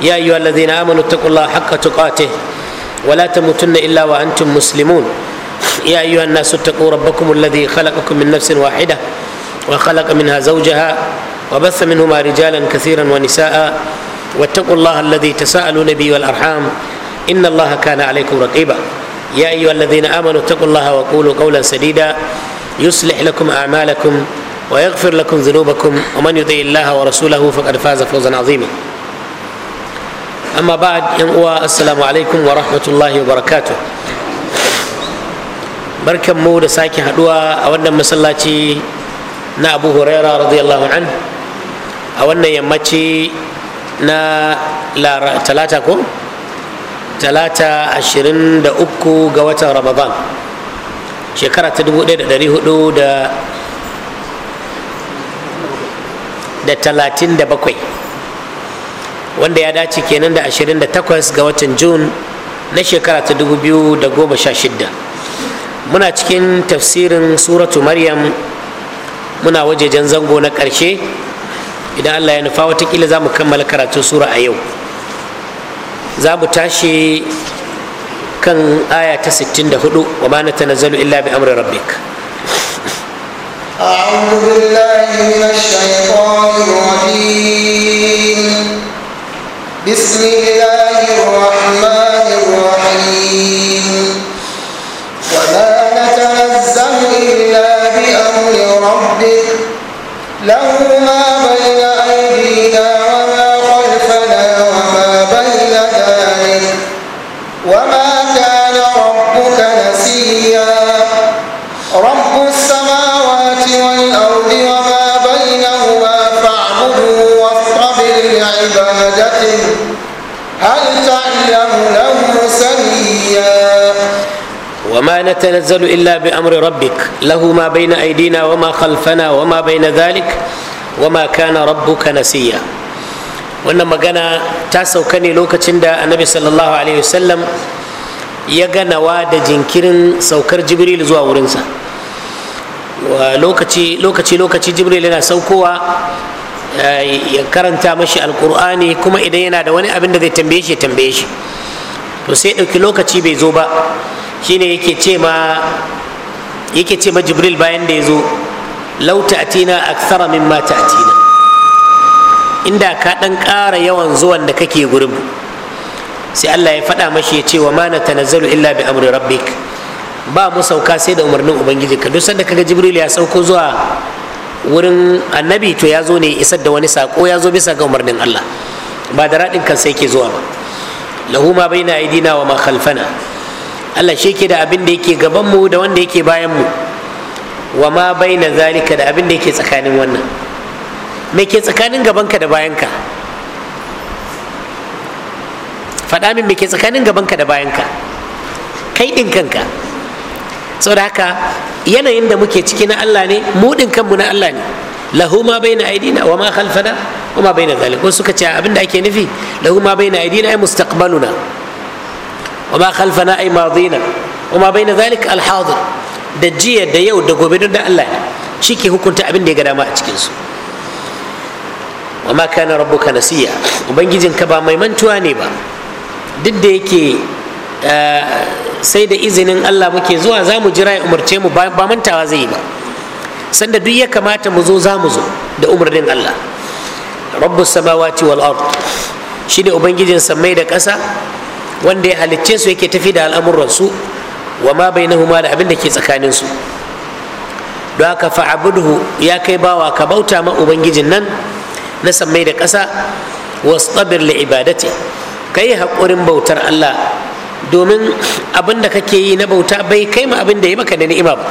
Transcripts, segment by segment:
يا ايها الذين امنوا اتقوا الله حق تقاته ولا تموتن الا وانتم مسلمون يا ايها الناس اتقوا ربكم الذي خلقكم من نفس واحده وخلق منها زوجها وبث منهما رجالا كثيرا ونساء واتقوا الله الذي تساءلون به والارحام ان الله كان عليكم رقيبا يا ايها الذين امنوا اتقوا الله وقولوا قولا سديدا يصلح لكم اعمالكم ويغفر لكم ذنوبكم ومن يطع الله ورسوله فقد فاز فوزا عظيما amma ba'ad yan uwa assalamu alaikum wa rahmatullahi wa barakatuh barkan mu da sake haduwa a wannan masallaci na abu huraira radiyallahu an a wannan yammaci na talata ko talata uku ga watan ramadan shekara ta hudu da talatin da bakwai wanda ya dace kenan da 28 ga watan jun na shekara ta 2016 muna cikin tafsirin suratu maryam muna wajejen zango na ƙarshe idan allah ya nufa watakila za mu kammala karatun sura a yau za mu tashi kan aya ta 64 wa ma natanazzalu illa bi amri rabbik غير عبادته هل تعلم له سميا وما نتنزل إلا بأمر ربك له ما بين أيدينا وما خلفنا وما بين ذلك وما كان ربك نسيا wannan magana ta sauka ne lokacin da annabi sallallahu alaihi wasallam ya ganawa da jinkirin saukar jibril zuwa wurinsa lokaci lokaci lokaci jibril yana saukowa Eh, ya karanta mashi alkur'ani kuma idan yana da wani abin da zai tambaye shi tambaye shi to sai ɗauki lokaci bai zo ba shine yake ce ma yake ce ma jibril bayan da ya zo lau ta'tina akthara mimma ta'tina inda ka ɗan ƙara yawan zuwan da kake gurin sai Allah ya faɗa mashi ya ce wa ma natanazzalu illa bi amri rabbik ba mu sauka sai da umarnin ubangiji ka duk sanda kaga jibril ya sauko zuwa wurin annabi to ya zo ne isar da wani sako ya zo bisa ga umarnin Allah ba da raɗin kan sai ke zuwa ba lahu ma baina aidina wa ma khalfana Allah shi yake da abin da yake gaban mu da wanda yake bayan mu wa ma baina zalika da abin da yake tsakanin wannan me ke tsakanin gabanka da bayanka faɗa min me ke tsakanin gabanka da bayanka kai ɗin kanka saboda haka yanayin da muke ciki na Allah ne mu din kanmu na Allah ne lahu ma baina aidina wa ma khalfana wa ma baina zalik wasu suka ce abinda ake nufi lahu ma baina aidina ay mustaqbaluna wa ma khalfana ay madina wa ma baina zalik al hadir da jiya da yau da gobe don da Allah ne shi ke hukunta abin da ya ga dama a cikin su wa ma kana rabbuka nasiya ubangijinka ba mai mantuwa ne ba duk da yake eh, sai da izinin Allah muke zuwa za mu jira ya umarce mu ba mantawa zai yi ba sanda duk ya kamata mu zo za mu zo da umarnin Allah rabbu samawati wal ard shine ubangijin samai da ƙasa wanda ya halicce su yake tafi da al'amuran su wa ma bainahuma da abin da ke tsakanin su don haka ya kai bawa ka bauta ma ubangijin nan na sammai da ƙasa wastabir li ibadati kai hakurin bautar Allah domin abin da kake yi na bauta bai kai ma abin da ya maka da ni'ima ba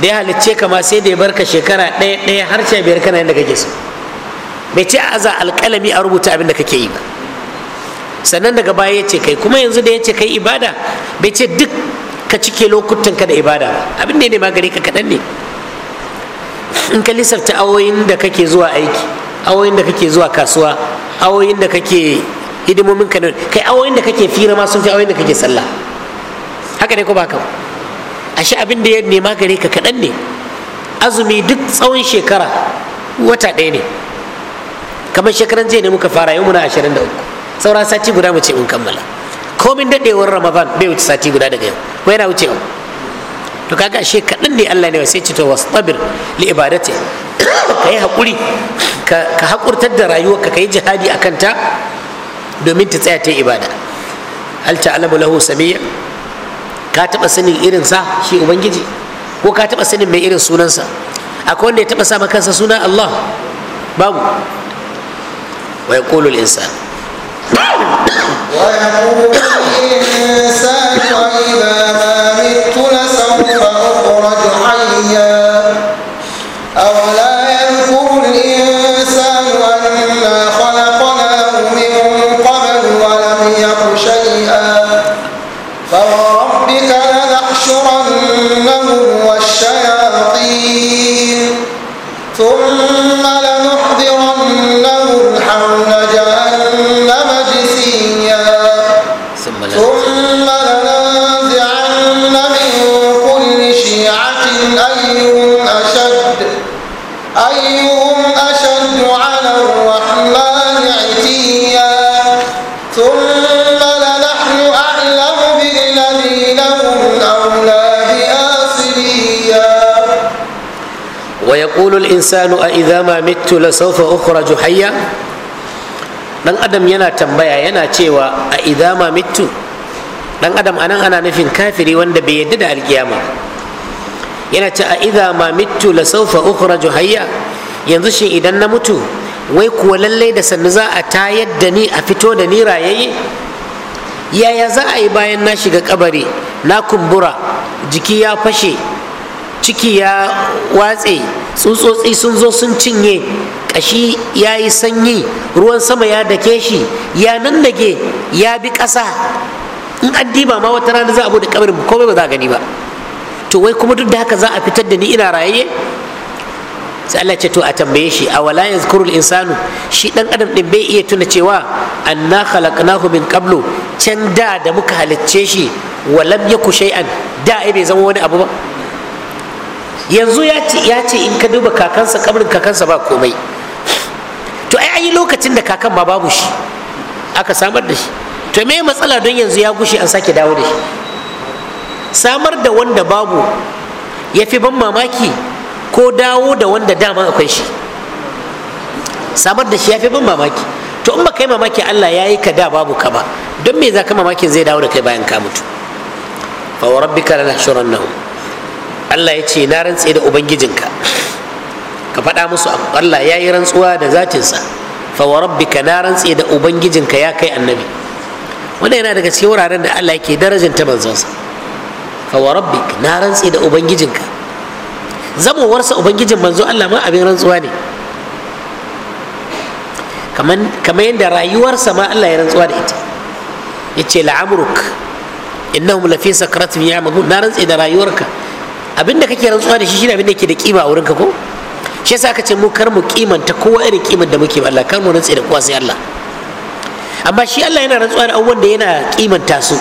da ya halicce ka ma sai da ya ka shekara ɗaya ɗaya har sha biyar kana yadda kake so bai ce a aza alƙalami a rubuta abin da kake yi ba sannan daga baya ya ce kai kuma yanzu da ya ce kai ibada bai ce duk ka cike lokutan ka da ibada ba abin da ya nema gare ka kaɗan ne in ka lissafta awoyin da kake zuwa aiki awoyin da kake zuwa kasuwa awoyin da kake hidimomin ka kai awoyin da kake fira ma sun fi awoyin da kake sallah haka ne ko ba ka ashe abin da ya nema gare ka kaɗan ne azumi duk tsawon shekara wata ɗaya ne kamar shekaran jiya ne muka fara yau muna ashirin da uku sauran sati guda mu ce mun kammala komin daɗewar ramadan bai wuce sati guda daga yau ko yana wucewa to kaga ashe kaɗan ne allah ne sai ce to li ibadati ka yi haƙuri ka haƙurtar da rayuwarka ka yi jihadi a kanta domin ta tsaya ta ibada hal ta'lamu lahu samia ka taba sanin irin sa shi ubangiji ko ka taba sanin mai irin sunan sa akwai wanda ya taba sa kansa suna Allah babu wa yaqulu al-insan wa yaqulu al-insan wa idha ma mitu la sawfa ukhraju hayya يقول الإنسان ما مت لسوف حيا dan adam yana tambaya yana cewa a idama mitu dan adam anan ana nufin kafiri wanda bai yadda da alkiyama yana a idama mitu la saufa ukhraju hayya yanzu shin idan na mutu wai kuwa lallai da sannu za a tayar da ni a fito da ni rayaye yaya za a yi bayan na shiga kabari na kumbura jiki ya fashe ciki ya watse tsutsotsi sun zo sun cinye ƙashi ya yi sanyi ruwan sama ya dake shi ya nan nannage ya bi ƙasa in an diba ma wata rana za a bude kabarin komai ba za gani ba to wai kuma duk da haka za a fitar da ni ina raye sai Allah ce to a tambaye shi a wala yazkurul insanu shi dan adam din bai iya tuna cewa anna khalaqnahu min qablu can da da muka halicce shi walam yaku shay'an da ai bai zama wani abu ba yanzu ya ce in ka duba kakansa kabrin kakansa ba komai to ai ayi lokacin da kakan ba babu shi aka samar da shi to me matsala don yanzu ya gushe an sake dawo da shi samar da wanda babu ya fi ban mamaki ko dawo da wanda dama akwai shi samar da shi ya fi ban mamaki to in ba kai mamaki allah ya yi ka da babu ka ba don me za ka mamakin zai dawo da kai bayan ka mutu fa wa rabbika lanahshurannahum Allah ya ce na rantse da ubangijinka ka faɗa musu Allah ya yi rantsuwa da zatinsa fa wa rabbika na rantse da ubangijinka ya kai annabi wanda yana daga cikin wuraren da Allah yake darajanta manzansa fa wa rabbika na rantse da ubangijinka zamowarsa ubangijin manzo Allah ma abin rantsuwa ne kamar yanda rayuwarsa ma Allah ya rantsuwa da ita ya ce la'amuruk innahum lafi sakaratum ya na rantse da rayuwarka abinda kake rantsuwa da shi shine abinda yake da kima a wurinka ko shi yasa aka ce mu kar mu kimanta kowa irin kimar da muke Allah kar mu rantsa da kowa sai Allah amma shi Allah yana rantsuwa da abubuwan da yana kimanta su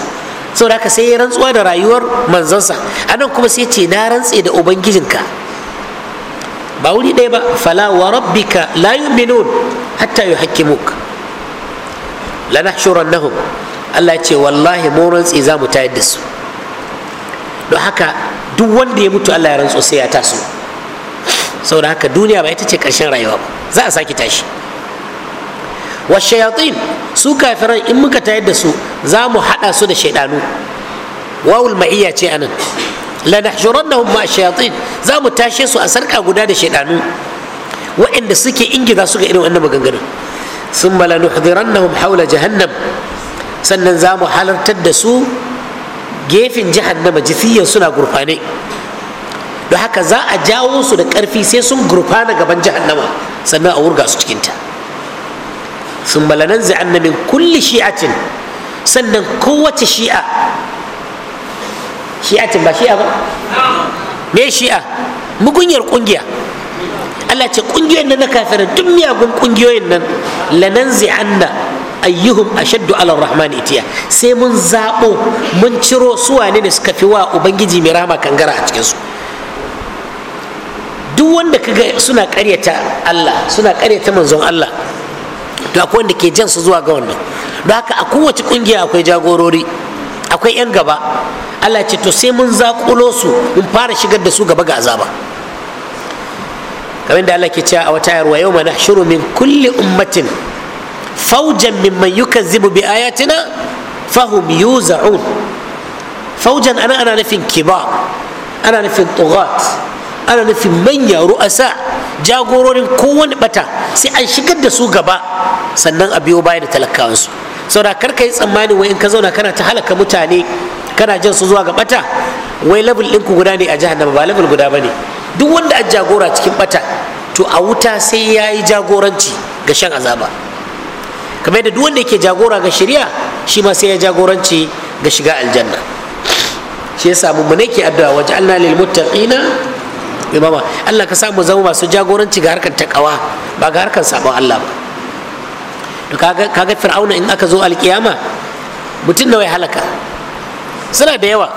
saboda haka sai ya rantsuwa da rayuwar manzansa anan kuma sai ce na rantse da ubangijinka ba wuri ɗaya ba fala wa rabbika la yu'minun hatta yuhakkimuk lanahshurannahum Allah ya ce wallahi mu rantse za mu tayar da su don haka duk wanda ya mutu Allah ya rantsu sai ya taso saboda haka duniya ba ita ce karshen rayuwa ba za a sake tashi wa shayatin su kafiran in muka tayar da su za mu haɗa su da shaidanu wawul ma'iyya ce anan la nahshurannahum ma shayatin za mu tashe su a sarka guda da shaidanu waɗanda suke ingiza su ga irin wannan maganganun sun mala nuhdirannahum haula jahannam sannan za mu halartar da su gefen jahannama jisiyan suna gurfane don haka za a jawo su da karfi sai sun gurfana gaban jahannama sannan a wurga su cikinta sun malanan zai min kulli shi'atin sannan kowace shi'a shi'atin ba shi'a ba me shi'a mugunyar kungiya Allah ce kungiyoyin nan na kafirin duk miyagun kungiyoyin nan lanan zai zi'anna ayyuhum ashaddu ala rahman itiya sai mun zaɓo mun ciro su wane ne suka fi wa ubangiji mai rama kangara a cikinsu duk wanda kaga suna ƙaryata Allah suna ƙaryata manzon Allah to akwai wanda ke jan su zuwa ga wannan don haka a kowace kungiya akwai jagorori akwai 'yan gaba Allah ce to sai mun zaƙulo su mun fara shigar da su gaba ga azaba kamar da Allah ke cewa a wata yarwa yau mana shiru min kulli ummatin faujan mimman yukazzibu bi ayatina fahum yuza'un faujan ana ana nufin kiba ana nufin tughat ana nufin manya sa? jagororin kowani bata sai an shigar da su gaba sannan a biyo baya da talakawansu saboda kar ka yi tsammani wai in ka zauna kana ta halaka mutane kana jan su zuwa ga bata wai level ɗinku guda ne a jahannama ba level guda ba ne duk wanda a jagora cikin bata to a wuta sai ya yi jagoranci ga shan azaba kamar yadda duk wanda yake jagora ga shari'a shi ma sai ya jagoranci ga shiga aljanna shi yasa mu ne ke addu'a waje Allah lil muttaqina imama Allah ka samu zama masu jagoranci ga harkar takawa ba ga harkar sabon Allah ba to kaga kaga fir'auna in aka zo alkiyama mutum nawa ya halaka suna da yawa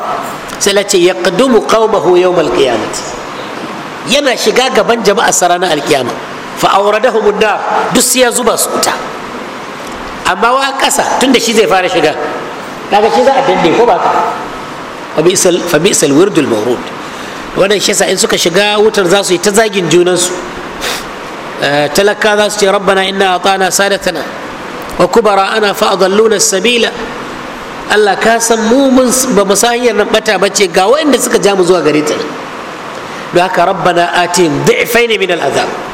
sai lace ce yaqdumu qaumahu yawmal qiyamati yana shiga gaban jama'a sarana alkiyama fa awradahum duk sai ya zuba su wuta amma wa ƙasa tun da shi zai fara shiga kaga shi za a dande ko ba ka wirdul mawrud wannan shi in suka shiga wutar za su yi ta zagin junansu eh, talaka za su ce rabbana inna atana sadatana wa kubara ana fa adalluna sabila Allah ka san mu ba mu san hanyar nan bata bace ga waɗanda suka ja mu zuwa gare ta don haka rabbana atihim du'faini min al'azab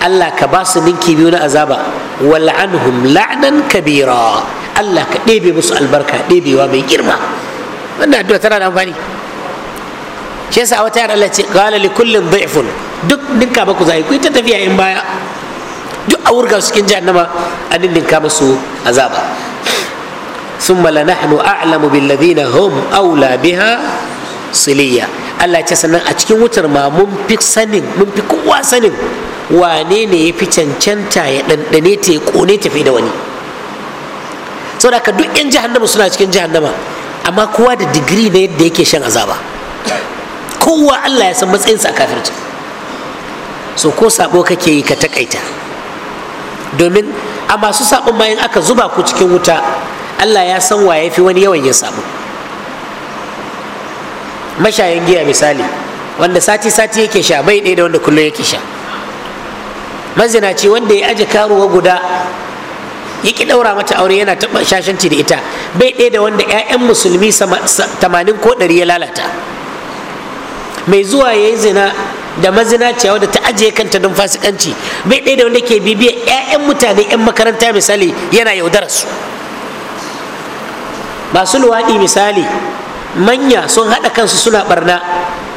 Allah ka ba su ninki biyu na azaba wal'anhum la'nan kabira Allah ka ɗebe musu albarka ɗebewa mai girma wannan addu'a tana da amfani shi yasa wata yar Allah ce qala li kullin dhifun duk dinka ba ku zai ku ta tafiya in baya duk a wurga cikin jahannama a ninka musu azaba ثم لنحن أعلم ladina هم أولى biha صلية Allah ya ce sannan a cikin wutar ma mun fi sanin mun fi kowa sanin wane ne ya fi cancanta ya ɗanɗane ta ya ƙone tafi da wani saboda haka duk 'yan jahannama suna cikin jahannama amma kowa da digiri na yadda yake shan azaba kowa allah ya san matsayinsa a kafirci so ko sabo kake yi ka takaita domin a masu sabon bayan aka zuba ku cikin wuta allah ya san wa ya fi wani yawan yin sabo Mashayin giya misali wanda sati-sati yake sha bai ɗaya da wanda kullum yake sha mazinaci wanda ya aje karuwa guda ya ki daura mata aure yana taɓa shashanci da ita bai ɗaya da wanda 'ya'yan musulmi tamanin ko ɗari ya lalata mai zuwa ya yi zina da mazinaciya wadda ta ajiye kanta don fasikanci bai ɗaya da wanda ke bibiyar 'ya'yan mutane 'yan makaranta misali yana yaudara su masu luwaɗi misali manya sun haɗa kansu suna barna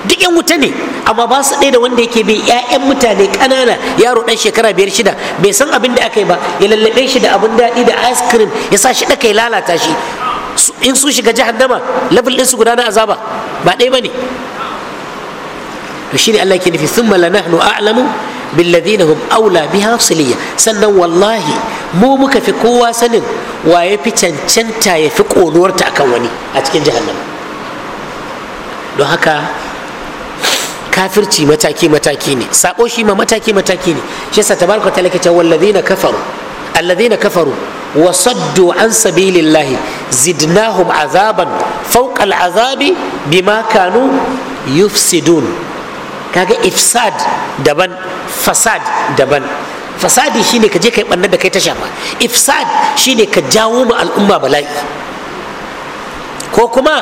duk yan wuta ne amma ba su ɗaya da wanda yake bai 'ya'yan mutane ƙanana yaro ɗan shekara biyar shida bai san abin da aka yi ba ya lallaɓe shi da abin daɗi da ice cream ya sa shi ɗaka ya lalata shi in su shiga jahannama level ɗinsu guda na azaba ba ɗaya ba ne to shine Allah ke nufi thumma lanahnu a'lamu billadhina hum aula biha siliya sannan wallahi mu muka fi kowa sanin wa ya fi cancanta ya fi ƙonuwarta akan wani a cikin jahannama don haka kafirci mataki mataki ne sabo shi ma mataki mataki ne shi yasa tabaraka ta lakace wallazina kafaru alladhina kafaru wa saddu an sabilillahi zidnahum azaban fawqa al'azabi bima kanu yufsidun kaga ifsad daban fasad daban fasadi shine ka je kai bannar da kai ta shafa ifsad shine ka jawo ma al'umma bala'i ko kuma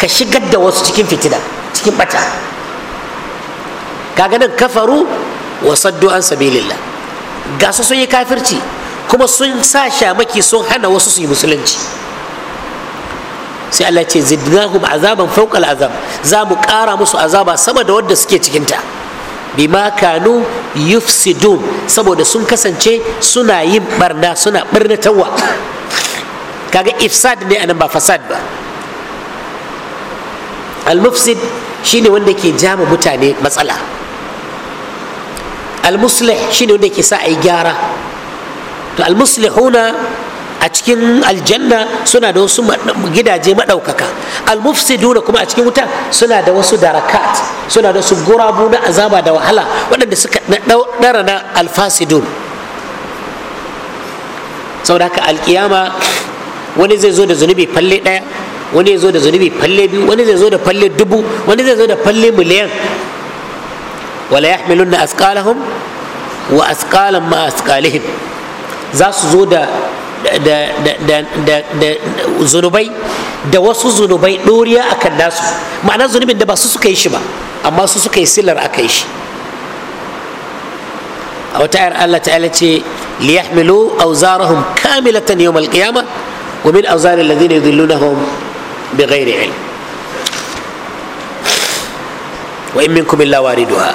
ka shigar da wasu cikin fitina cikin bata kaga nan kafaru wa saddu an sabilillah ga su sun yi kafirci kuma sun sa shamaki sun hana wasu su yi musulunci sai Allah ce zidnahum azaban fawqa azab za mu ƙara musu azaba sama da wadda suke cikinta bima kanu yufsidun saboda sun kasance suna yin barna suna barnatarwa kaga ifsad ne anan ba fasad ba al-mufsid shine wanda ke jama mutane matsala almuslih shine wanda ke sa a yi gyara to almuslihuna a cikin aljanna suna da wasu gidaje maɗaukaka almufsiduna kuma a cikin wuta suna da wasu darakat suna da wasu gurabu na azaba da wahala waɗanda suka ɗara na alfasidun saboda haka alkiyama wani zai zo da zunubi falle ɗaya wani zai zo da zunubi falle biyu wani zai zo da falle dubu wani zai zo da falle miliyan ولا يحملن اثقالهم واثقالا ما اثقالهم زاس زودا دا دا دا زنوبي دا وسو زنوبي دوريا اكن ناس معنى زنوبي دا باسو سكي شبا اما سو سكي سلر اكيش او تعالى الله تعالى ليحملوا اوزارهم كاملة يوم القيامة ومن اوزار الذين يضلونهم بغير علم وان منكم الا واردها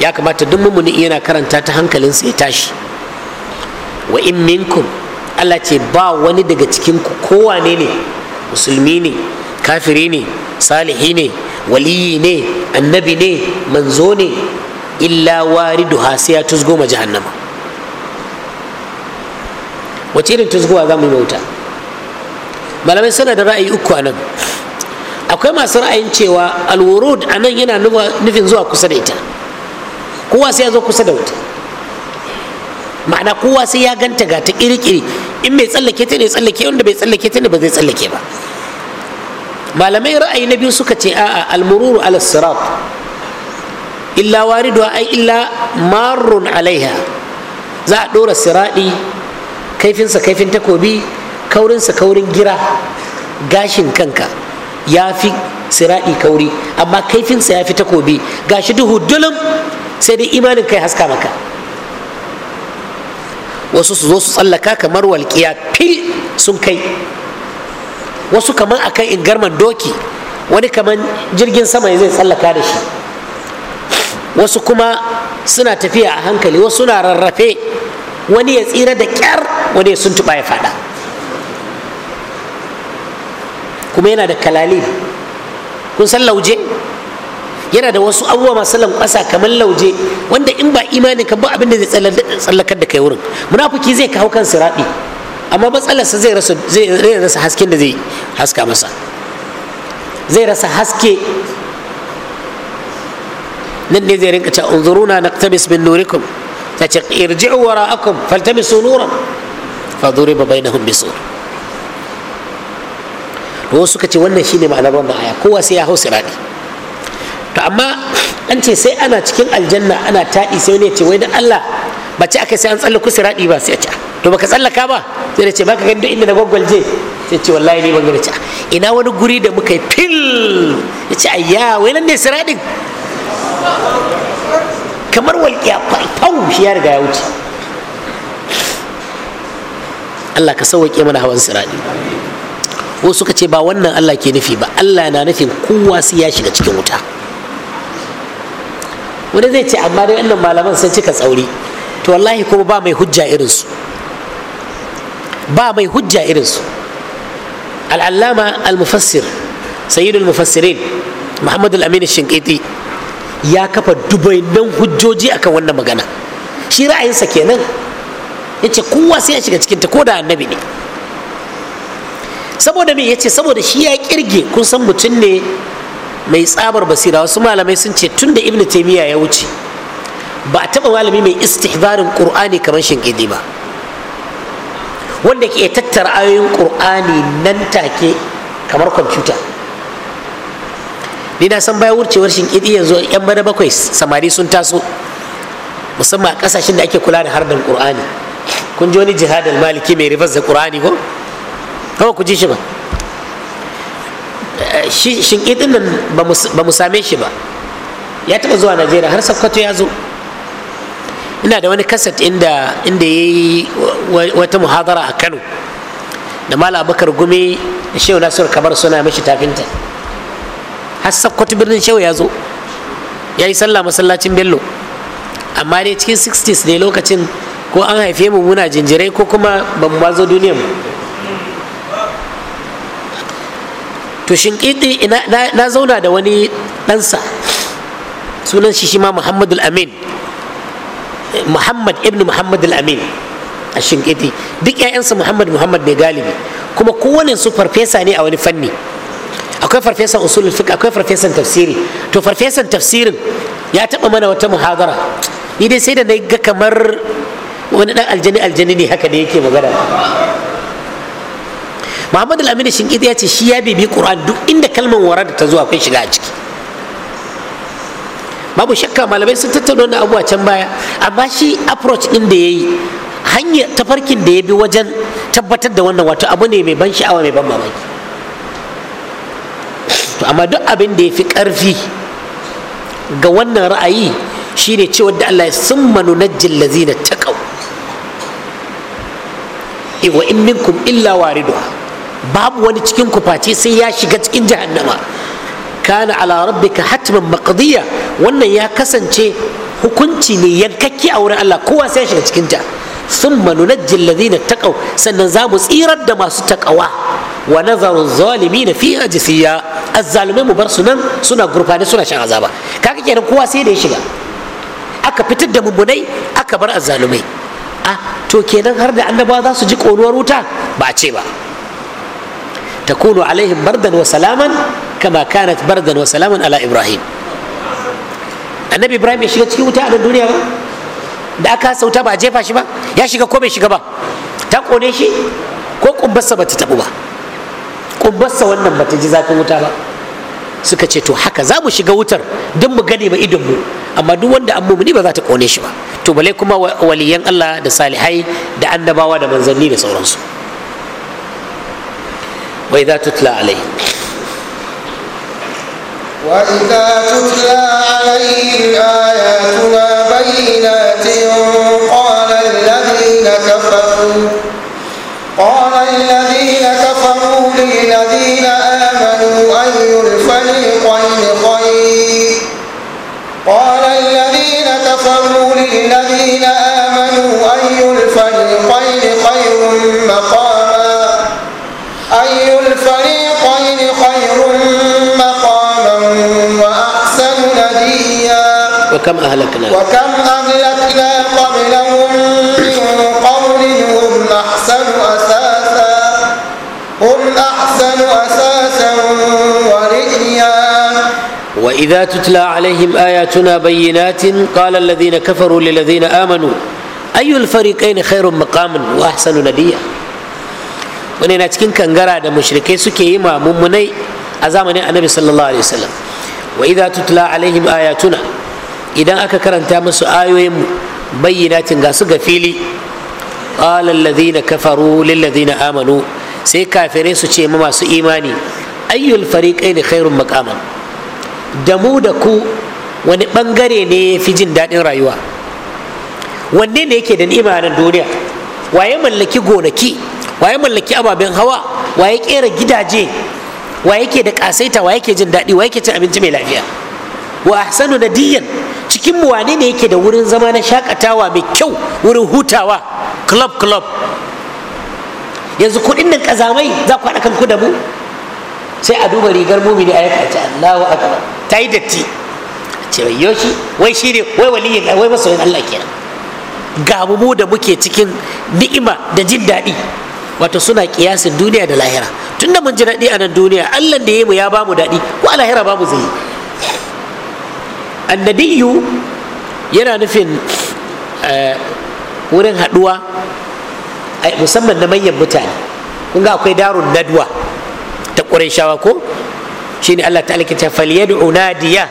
ya kamata duk mummuni yana karanta ta hankalin sa ya tashi wa in minkum Allah ce ba wani daga cikin ku kowane ne musulmi ne kafiri ne salihi ne waliyi ne annabi ne manzo ne illa waridu sai ya tuzgo ma jahannama wace irin tuzgowa za mu yi bauta malamai suna da ra'ayi uku a nan akwai masu ra'ayin cewa alwurud a nan yana nufin zuwa kusa da ita kowa sai ya zo kusa da wuta ma'ana kowa sai ya ganta ga ta kirikiri in mai tsallake ta ne tsallake wanda bai tsallake ta ne ba zai tsallake ba malamai ra'ayi na biyu suka ce a'a almururu ala sirat illa waridu ai illa marrun alaiha za a dora siradi kaifinsa kaifin takobi kaurinsa kaurin gira gashin kanka ya fi siradi kauri amma kaifinsa ya fi takobi gashi duhu dulum sai dai imanin kai haska maka wasu su zo su tsallaka kamar walƙiya fil sun kai wasu kamar akan ingarman doki wani kamar jirgin sama zai tsallaka da shi wasu kuma suna tafiya a hankali wasu suna rarrafe wani ya tsira da kyar wani ya tuba ya fada kuma yana da kalali kun san lauje yana da wasu abubuwa masu lankwasa kamar lauje wanda in ba imanin ka ba abin da zai tsallakar da kai wurin munafiki zai kawo kan siraɗi amma matsalarsa zai rasa zai rasa hasken da zai haska masa zai rasa haske nan ne zai rinka ce unzuruna naqtabis min nurikum ta ce irji'u wara'akum faltamisu nuran fa duriba bainahum bisur to suka ce wannan shine ma'anar wannan aya kowa sai ya hau sirati to amma an ce sai ana cikin aljanna ana taɗi sai wani ya ce wai dan Allah ba ce aka sai an tsallaku siradi ba sai ya ci to baka tsallaka ba sai da ce baka gani duk inda na gwaggwalje sai ce wallahi ne ban gani ce ina wani guri da muka yi fil ya ce ayya wai nan ne siradin kamar walƙiya falfau shi ya riga ya wuce Allah ka sauwaƙe mana hawan siradi wasu suka ce ba wannan Allah ke nufi ba Allah na nufin kowa sai ya shiga cikin wuta wani zai ce amma dai wannan malaman sun cika tsauri to wallahi kuma ba mai hujja irin su ba mai hujja irinsu al'allama al-mufassir sayyidul mufassirin muhammad al-amin shinkiti ya kafa dubai nan hujjoji akan wannan magana shi ra'ayinsa kenan ya ce kowa sai ya shiga cikinta ko da annabi ne saboda me ya saboda shi ya kirge kun san mutum ne mai tsabar basira wasu malamai sun ce tun da Ibn taimiyya ya wuce ba a taɓa malami mai istihbarin ƙur'ani kamar shinƙidi ba wanda ke tattara ayoyin ƙur'ani nan take kamar kwamfuta ni na san bayan wurcewar shinƙidi yanzu yan bada bakwai samari sun taso musamman a ƙasashen da ake kula da harbin ƙur'ani kun ji wani jihadin maliki mai rifas da ƙur'ani ko kawai ku ji shi ba shinkiɗin nan ba mu same shi ba ya taba zuwa najeriya har sakkwato ya zo ina da wani kaset inda inda ya yi wata muhadara a kano da mala abakar gumi da shehu nasiru kamar suna mashi tafinta har sakkwato birnin shehu ya zo ya yi sallah masallacin bello amma dai cikin 60s ne lokacin ko an haife mu muna jinjirai ko kuma ban ba zo duniyan mu to shinkiti na zauna da wani ɗansa sunan shi shi ma muhammad amin muhammad ibn muhammad amin a shinkiti duk 'ya'yansa muhammad muhammad ne galibi kuma kowane su farfesa ne a wani fanni akwai farfesan usulul fiqh akwai farfesan tafsiri to farfesan tafsirin ya taba mana wata muhadara ni dai sai da na ga kamar wani dan aljani aljani ne haka da yake magana muhammad al-amin shinkiti ya ce shi ya bibi qur'an duk inda kalmar warada ta zuwa akwai shiga a ciki babu shakka malamai sun tattauna wannan abuwa can baya amma shi approach din da yayi hanyar tafarkin da ya bi wajen tabbatar da wannan wato abu ne mai ban sha'awa mai ban mamaki to amma duk abin da ya fi ƙarfi ga wannan ra'ayi shine cewa da Allah ya summa nunajjil ladzina taqaw wa in minkum illa wariduha babu wani cikin kufaci sai ya shiga cikin jahannama kana ala rabbika hatman maqdiya wannan ya kasance hukunci ne yankakke a wurin Allah kowa sai ya shiga cikin ta thumma nunajji alladhina taqaw sannan za mu tsirar da masu takawa wa nazaru zalimin fiha jisiya azzalimai mu bar su nan suna gurfane suna shan azaba kaga kenan kowa sai da ya shiga aka fitar da mummunai aka bar azzalumai ah to kenan har da annabawa za su ji koruwar wuta ba a ce ba تكون عليهم بردا وسلاما كما كانت بردا وسلاما على Ibrahim النبي إبراهيم يشيك تيوتا على الدنيا da aka sauta ba a jefa shi ba ya shiga ko bai shiga ba ta kone shi ko kumbarsa ba ta tabu ba kumbarsa wannan ba ta ji zafin wuta ba suka ce to haka za mu shiga wutar don mu gani ma idonmu amma duk wanda an mumuni ba za ta kone shi ba to balai kuma waliyan Allah da salihai da annabawa da manzanni da sauransu وإذا تتلى عليه وإذا تتلى عليهم آياتنا بينات قال الذين كفروا قال الذين كفروا للذين آمنوا أي الفريقين خير قال الذين كفروا للذين آمنوا أي الفريقين وكم أهلكنا وكم أهلكنا قبلهم من قول هم أحسن أساسا هم أحسن أساسا ورئيا وإذا تتلى عليهم آياتنا بينات قال الذين كفروا للذين آمنوا أي الفريقين خير مقاما وأحسن نديا wani yana cikin kangara da mushrikai suke yi ma mummunai a zamanin annabi sallallahu alaihi wasallam wa idza tutla alaihim ayatuna idan aka karanta musu ayoyin bayyinatin ga su ga fili qala alladhina kafaru lil ladina amanu sai kafirai su ce ma masu imani ayyul fariqaini khairun maqama da mu da ku wani bangare ne fi jin daɗin rayuwa wanne ne yake da ni'ima nan duniya waye mallaki gonaki waye mallaki ababen hawa waye kera gidaje waye ke da kasaita waye ke jin daɗi waye ke cin abinci mai lafiya wa ahsanu nadiyan cikin mu wane ne yake da wurin zama na shakatawa mai kyau wurin hutawa club club yanzu kuɗin nan kazamai za ku haɗa kanku da mu sai a duba rigar mumini a yaka ce Allahu akbar ta yi datti ce wai yoshi wai shi wai waliyin wai masoyin Allah kenan ga mu da muke cikin ni'ima da jin daɗi wato suna kiyasin duniya da lahira tunda mun ji daɗi a nan duniya Allah da ya mu ya ba mu daɗi ko a lahira ba mu zai annadiyu yana nufin eh, wurin haɗuwa eh, musamman na manyan mutane kun ga akwai darun nadwa ta ƙurayshawa ko Shi ne Allah ta'ala ke ta falyad'u nadiya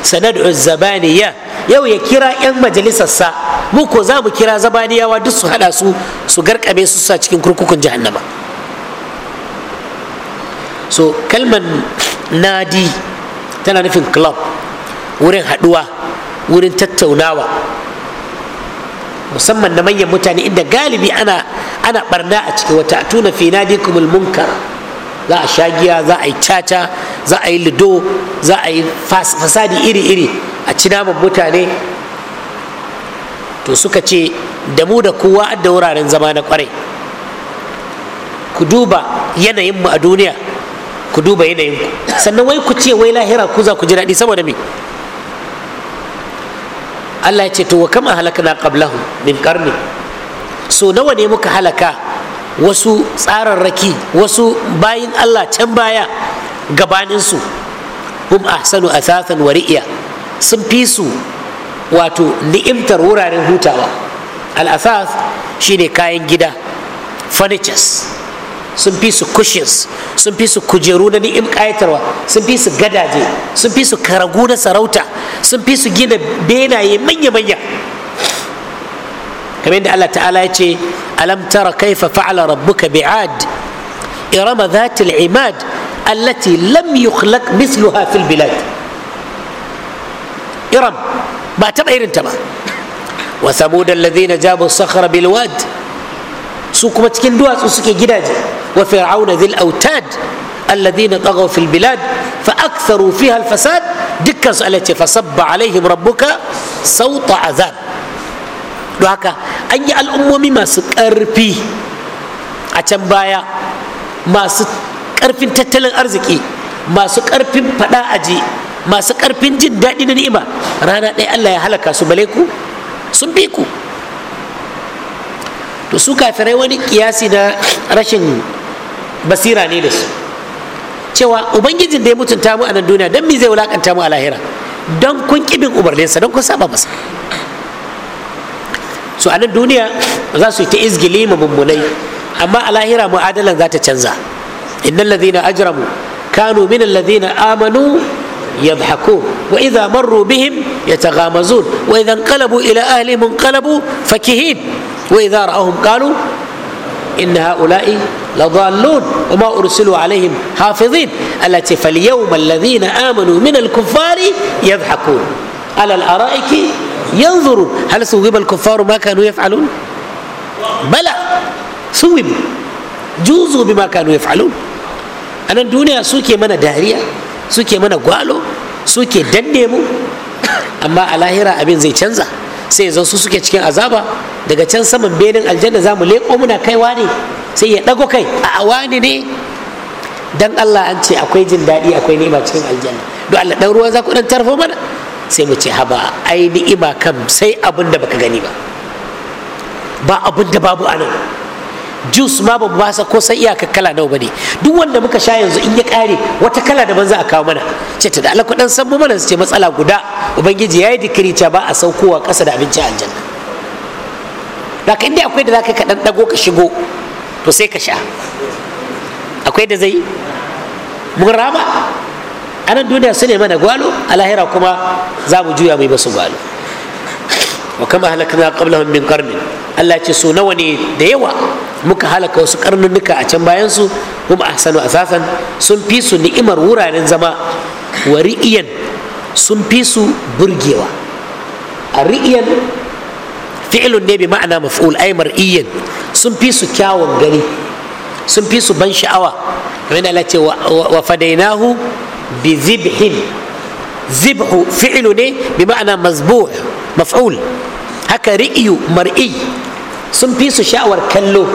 sanad'u zabaniya yau ya kira yan majalisarsa mu ko za mu kira zabaniyawa duk su hada su su garkame su sa cikin kurkukun jahannama so kalman nadi tana nufin club wurin haɗuwa wurin tattaunawa musamman na manyan mutane inda galibi ana ana barna a ciki wata tuna fi nadikumul munkar za a shagiya za a yi caca za a yi lido za a yi fasadi iri-iri a ci naman mutane to suka ce da mu da kowa da wuraren zama na kwarai ku duba yanayinmu a duniya ku duba yanayinku sannan wai ku ce wai lahira ku za ku ji daɗi saboda me Allah ya ce to wa kama halakana qablahu min qarni so nawa ne muka halaka wasu tsararraki wasu bayin Allah can baya gabanin su hum ahsanu athathan wa ri'ya sun fi su wato ni'imtar wuraren hutawa al-athath shine kayan gida furnitures sun fi su cushions sun fi su kujeru na ni'im kayatarwa sun fi su gadaje sun fi su karagu na sarauta sun fi su gina benaye manya-manya kamar yadda Allah ta'ala ya ce alam tara kaifa fa'ala rabbuka bi'ad irama dhatil imad allati lam yukhlaq mithluha fil bilad iram ba taɓa ta ba wa samuda alladhina jabu sakhra bil wad su kuma cikin duwatsu suke gidaje وفرعون ذي الأوتاد الذين طغوا في البلاد فأكثروا فيها الفساد دكا سألتي فصب عليهم ربك صوت عذاب دعك أي الأمم ما سكربي أتم بايا ما سكرفين تتلن أرزكي ما سكرفين فدا أجي ما سكرفين جد دائنا نئمة رانا دي الله يهلك سبليكو سنبيكو to su kafirai wani kiyasi na rashin basira ne da su cewa ubangijin da ya mutunta mu a nan duniya don me zai wulakanta mu a lahira don kun kibin umarninsa don kun saba masa su a nan duniya za su yi ta izgili ma mummunai amma a lahira mu'adalan za ta canza innal ladhina ajramu kanu min alladhina amanu yadhhakun wa idha marru bihim yataghamazun wa idha inqalabu ila ahlihim inqalabu fakihin wa idha ra'awhum qalu inna ha'ula'i لضالون وما أرسلوا عليهم حافظين التي فاليوم الذين آمنوا من الكفار يضحكون على الأرائك ينظرون هل صوب الكفار ما كانوا يفعلون بلى صوب جوزوا بما كانوا يفعلون أنا الدنيا سوكي من دارية سوكي من قالوا سوكي دنيمو أما الاهرة أبين زي تنزه sai yanzu su suke cikin azaba daga can saman benin aljanna za mu leƙo muna kaiwa ne sai ya ɗago kai a awani ne dan Allah an ce akwai jin daɗi akwai ni'ima cikin aljanna don Allah ɗan ruwa za ku ɗan tarfo mana sai mu ce haba ai ni'ima kam sai abin da baka gani ba ba abin da babu anan jus ma ba ba ko sai iyaka kala nawa bane duk wanda muka sha yanzu in ya kare wata kala da za a kawo mana ce ta da Allah ku san mu mana su ce matsala guda ubangiji yayi dikiri ta ba a saukowa ƙasa da abinci aljanna da ka inda akwai da zaka ka ɗan ɗago ka shigo to sai ka sha akwai da zai mun raba anan duniya su ne mana gwalo a lahira kuma za mu juya mai basu gwalo wa kama halakna qablahum min qarnin Allah ce so nawa ne da yawa muka halaka wasu karnunnuka a can bayan su kuma ahsanu asasan sun fi su ni'imar wuraren zama wa ri'iyan sun fi su burgewa a ri'iyan fi'ilun ne bi ma'ana maf'ul ay mar'iyan sun fi su kyawun gani sun fi su ban sha'awa kamar Allah ce wa fadainahu bi zibhin zibhu fi'lu ne bi ma'ana mazbuh maf'ul haka ri'yu mar'i sun fi su sha'awar kallo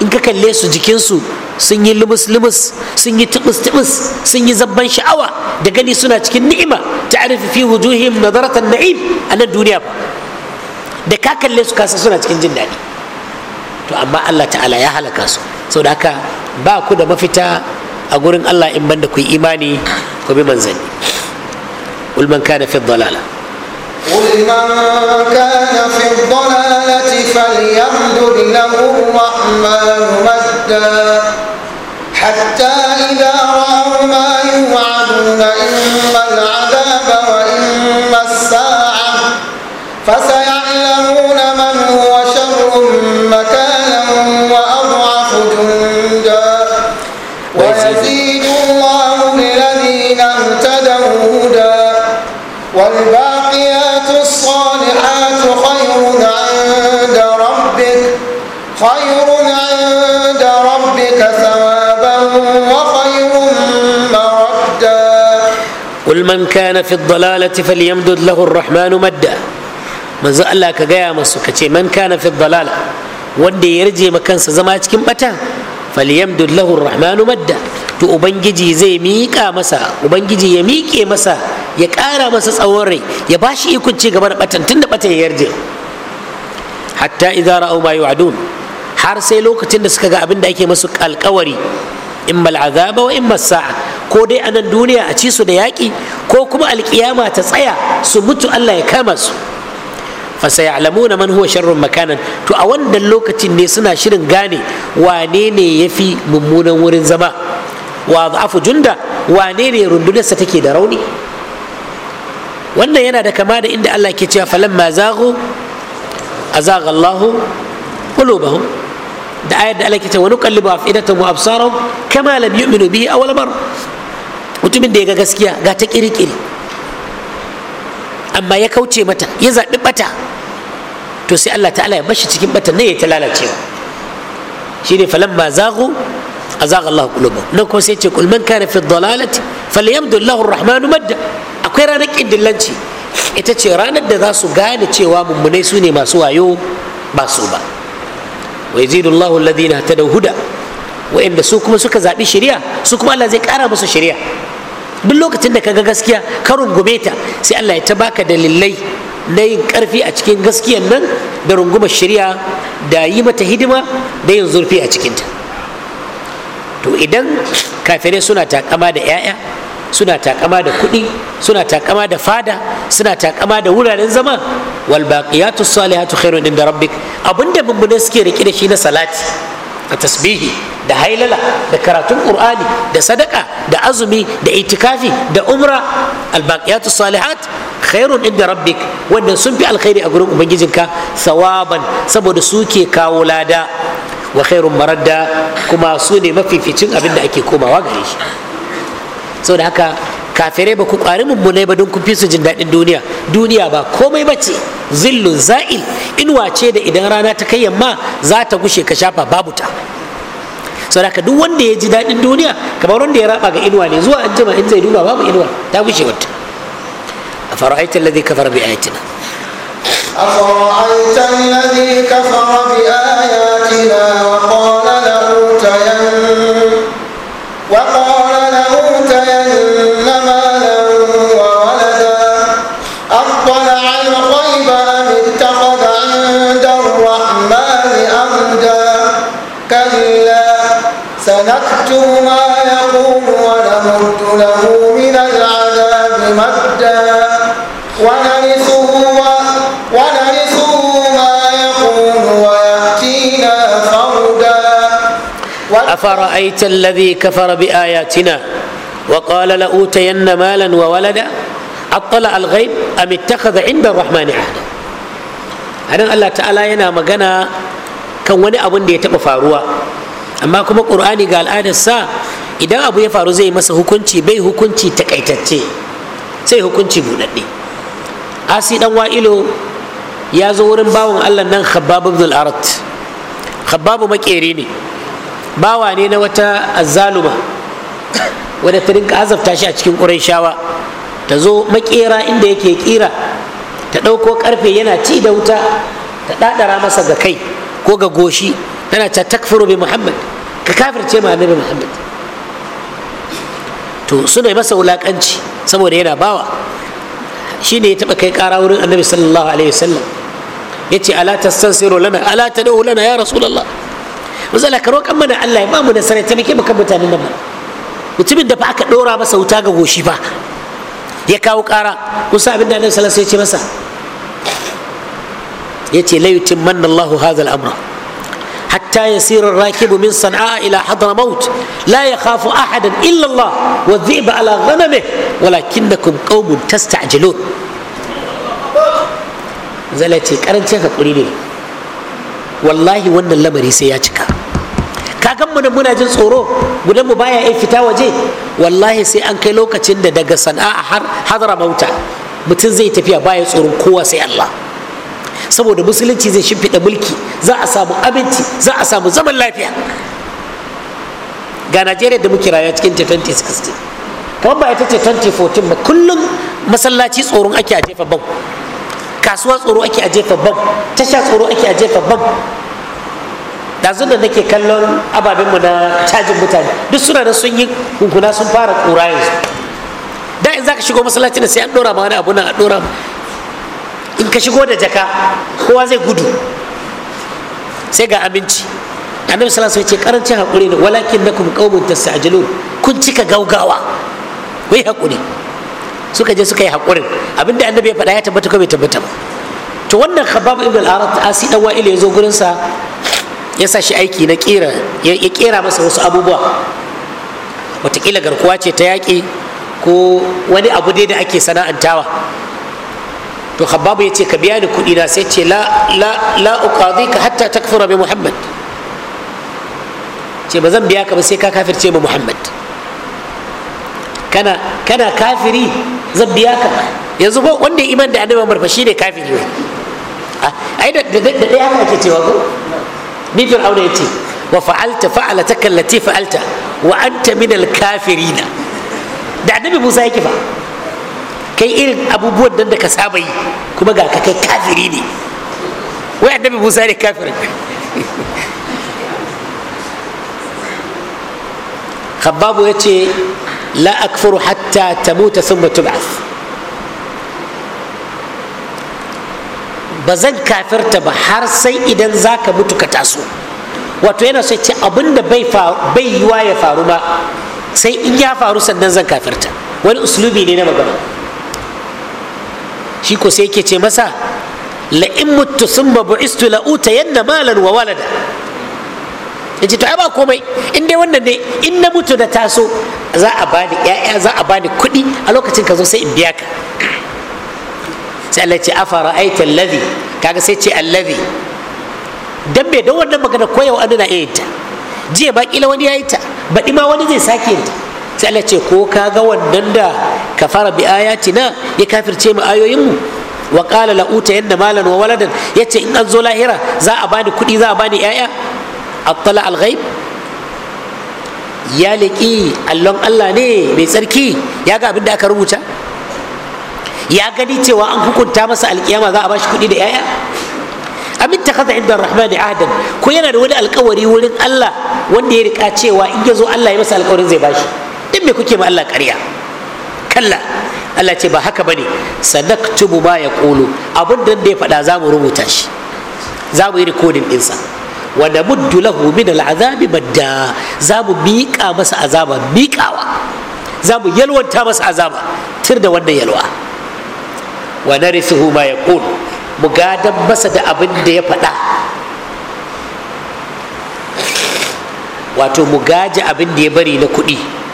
in ka kalle su jikinsu sun yi lumus-lumus sun yi tubus-tubus sun yi zabban sha'awa da gani suna cikin ni'ima ta arifi fi wujuhim nadaratan na'im a nan duniya ba da ka kalle su kasa suna cikin jin daɗi to amma Allah ta'ala ya halaka su sau da haka ba ku da mafita a gurin Allah in banda ku imani ku bi manzanni ulman kana fi dalala قل من كان في الضلالة فليمدد له الرحمن مدا حتى إذا رأوا ما يوعدون إما العذاب وإما الساعة فسيعلمون من هو شر ويزيد الله الذين اهتدوا هدى والباقيات الصالحات خير عند ربك خير عند ربك ثوابا وخير مردا قل من كان في الضلالة فليمدد له الرحمن مدا من زال لك gaya masu من كان في الضلالة ودي يرجي مكان ya rije falyamdud lahu rahmanu madda to ubangiji zai miƙa masa ubangiji ya miƙe masa ya ƙara masa tsawon rai ya ba shi ikon ci gaba da batan tun da batan ya yarje hatta idza ra'aw ma yu'adun har sai lokacin da suka ga abin da ake masu alƙawari imma al'azaba wa imma sa'a ko dai a nan duniya a ci su da yaƙi ko kuma alƙiyama ta tsaya su mutu Allah ya kama su fasaya'lamuna man huwa sharrun makanan to a wannan lokacin ne suna shirin gane wane ne yafi mummunan wurin zama wa dha'afu junda wane ne rundunarsa take da rauni wannan yana da kama da inda Allah ke cewa falamma zaghu azagha Allah qulubahum da ayar da Allah ke cewa nuqallibu afidatahum wa absarahum kama lam yu'minu bihi awwal mar mutumin da ya ga gaskiya ga ta kirkiri amma ya kauce mata ya zaɓi bata to sai Allah ta'ala ya bashi cikin bata ne ya ta lalacewa shine falamma a azagha Allah qulubahum nan kuma sai ce kul man fi dhalalati falyamdu Allahu ar madda akwai ranar kiddillanci ita ce ranar da za su gane cewa mummunai su ne masu wayo ba su ba wa yazidu Allahu alladhina ihtadaw huda wa'anda su kuma suka zaɓi shari'a su kuma Allah zai ƙara musu shari'a duk lokacin da ka ga gaskiya ka rungume ta sai Allah ya ta baka dalilai na yin karfi a cikin gaskiyan nan da rungumar shari'a da yi mata hidima da yin zurfi a cikinta to idan kafirai suna takama da 'ya'ya suna takama da kuɗi suna takama da fada suna takama da wuraren zama wal baqiyatus salihatu khairun inda rabbik abinda mummune suke rike da shi na salati da tasbihi da hailala da karatun qur'ani da sadaka da azumi da itikafi da umra albaqiyatu salihat khairun inda rabbik wanda sun fi alkhairi a gurin ubangijinka sawaban saboda suke kawo lada wa khairun maradda kuma su ne mafificin abin da ake komawa gare shi saboda haka kafirai ba ku ƙari mummunai ba don kun fi su jin daɗin duniya duniya ba komai ba ce zillun za'il inuwa ce da idan rana ta kai yamma za ta gushe ka shafa babu ta saboda duk wanda ya ji daɗin duniya kamar wanda ya raba ga inuwa ne zuwa an jima in zai duba babu inuwa ta gushe wata a fara'aitar ladai kafar bi ayatina أفرأيت الذي ما يقول له من العذاب مدا ونرثه ونرثه ما يقول ويأتينا فردا أفرأيت الذي كفر بآياتنا وقال لأوتين مالا وولدا أطلع الغيب أم اتخذ عند الرحمن عهدا أنا الله تعالى yana magana كوني أبن abin da amma kuma ƙur'ani ga al'adarsa idan abu ya faru zai masa hukunci bai hukunci takaitacce sai hukunci buɗaɗɗe asi dan wa'ilo ya zo wurin bawan allah nan khabbab ibn al-arat makeri ne bawa ne na wata azzaluma wadda ta rinka azabta shi a cikin ƙurayshawa ta zo makera inda yake kira ta ɗauko ƙarfe yana ci da wuta ta ɗaɗara masa ga kai ko ga goshi tana ta takfuru bi muhammad ka kafirce ma annabi muhammad to suna masa wulakanci saboda yana bawa shi ne ya taɓa kai ƙara wurin annabi sallallahu alaihi wasallam ya ce ala tastansiru lana ala tad'u lana ya rasulullah misali ka roƙan mana Allah ya bamu nasara ya taimake mu kan mutanen nan ba. mutumin da ba aka ɗora masa wuta ga goshi ba ya kawo ƙara kusa abin da annabi sallallahu alaihi wasallam ya ce masa ya ce la yutimmanna Allahu hadha amra حتى يسير الراكب من صنعاء إلى حضرموت لا يخاف أحدا إلا الله والذئب على غنمه ولكنكم قوم تستعجلون zalace karancin hakuri ne wallahi wannan lamari sai ya cika kagan mu muna jin tsoro gudan mu baya iya fita waje wallahi sai an kai lokacin da daga sana'a har hadara mauta mutum zai tafiya baya tsoron kowa sai Allah saboda musulunci zai shimfiɗa mulki za a samu aminci za a samu zaman lafiya ga najeriya da muke raya cikin 2016 kamar ba ita ce 2014 ba kullum masallaci tsoron ake a jefa bam kasuwa tsoro ake a jefa bam tasha tsoro ake a jefa bam yanzu da nake kallon ababenmu na cajin mutane duk suna da sun yi hunkuna sun fara kura yanzu da in za ka shigo masallacin sai an ɗora ma wani abu na a dora ma in ka shigo da jaka kowa zai gudu sai ga aminci annabi sallallahu alaihi ce karancin hakuri ne walakin nakum qaumun tasajilun kun cika gaugawa wai hakuri suka je suka yi hakurin abinda annabi ya faɗa ya tabbata ko bai tabbata ba to wannan khabab ibn al-arat asi dan wa'il ya zo gurin sa ya sa shi aiki na kera ya kera masa wasu abubuwa watakila garkuwa ce ta yaƙi ko wani abu dai da ake sana'antawa to khabbab ya ce ka biya ni kuɗi na sai ce la la la uqadika hatta takfura bi muhammad ce ba zan biya ka ba sai ka kafirce ma muhammad kana kana kafiri zan biya ka yanzu ko wanda ya iman da annabi Muhammad fa shine kafiri ne ah, ai da da dai haka ake cewa ko bi fir'auna yace wa fa'alta fa'alataka allati fa'alta wa anta min al-kafirina da annabi Musa yake fa kai irin abubuwan nan da ka saba yi kuma ga ka kai kafiri ne wai annabi musa ne kafirin khabbabu ya ce la akfuru hatta ta thumma tub'ath ba zan kafirta ba har sai idan za ka mutu ka taso wato yana sai ce abin da bai yiwa ya faru ba sai in ya faru sannan zan kafirta wani uslubi ne na magana shi ko sai yake ce masa la in mutu sun babu istu la uta yanna malan wa walada in ce to ai ba komai in dai wannan ne in na mutu da taso za a bani ƴaƴa za a bani kuɗi a lokacin ka zo sai in biya ka sai Allah ce afara aita allazi kaga sai ce allazi dan bai dan wannan magana koyau an na iya ta jiya ba kila wani yayi ta baɗi ma wani zai sake ta sai ce ko ka ga wannan da kafara bi ayatina ya kafirce mu ayoyin mu wa qala la uta yanna malan wa waladan yace in an zo lahira za a bani kudi za a bani yaya attala al ghaib ya liqi allon Allah ne mai tsarki ya ga abin da aka rubuta ya gani cewa an hukunta masa alkiyama za a bashi kudi da yaya amin ta kaza inda rahman ahadan ko yana da wani alkawari wurin Allah wanda ya rika cewa in ya zo Allah ya masa alkawarin zai bashi din me kuke ma Allah ƙarya kalla Allah ce ba haka bane sadaktubu ma yaqulu abin da ya faɗa za mu rubuta shi za mu yi rikodin ɗinsa wa namuddu lahu min al'azabi madda za mu miƙa masa azaba miƙawa za mu yalwanta masa azaba tir da wannan yalwa wa narithuhu ma yaqul mu gadan masa da abin da ya faɗa wato mu gaji abin da ya bari na kuɗi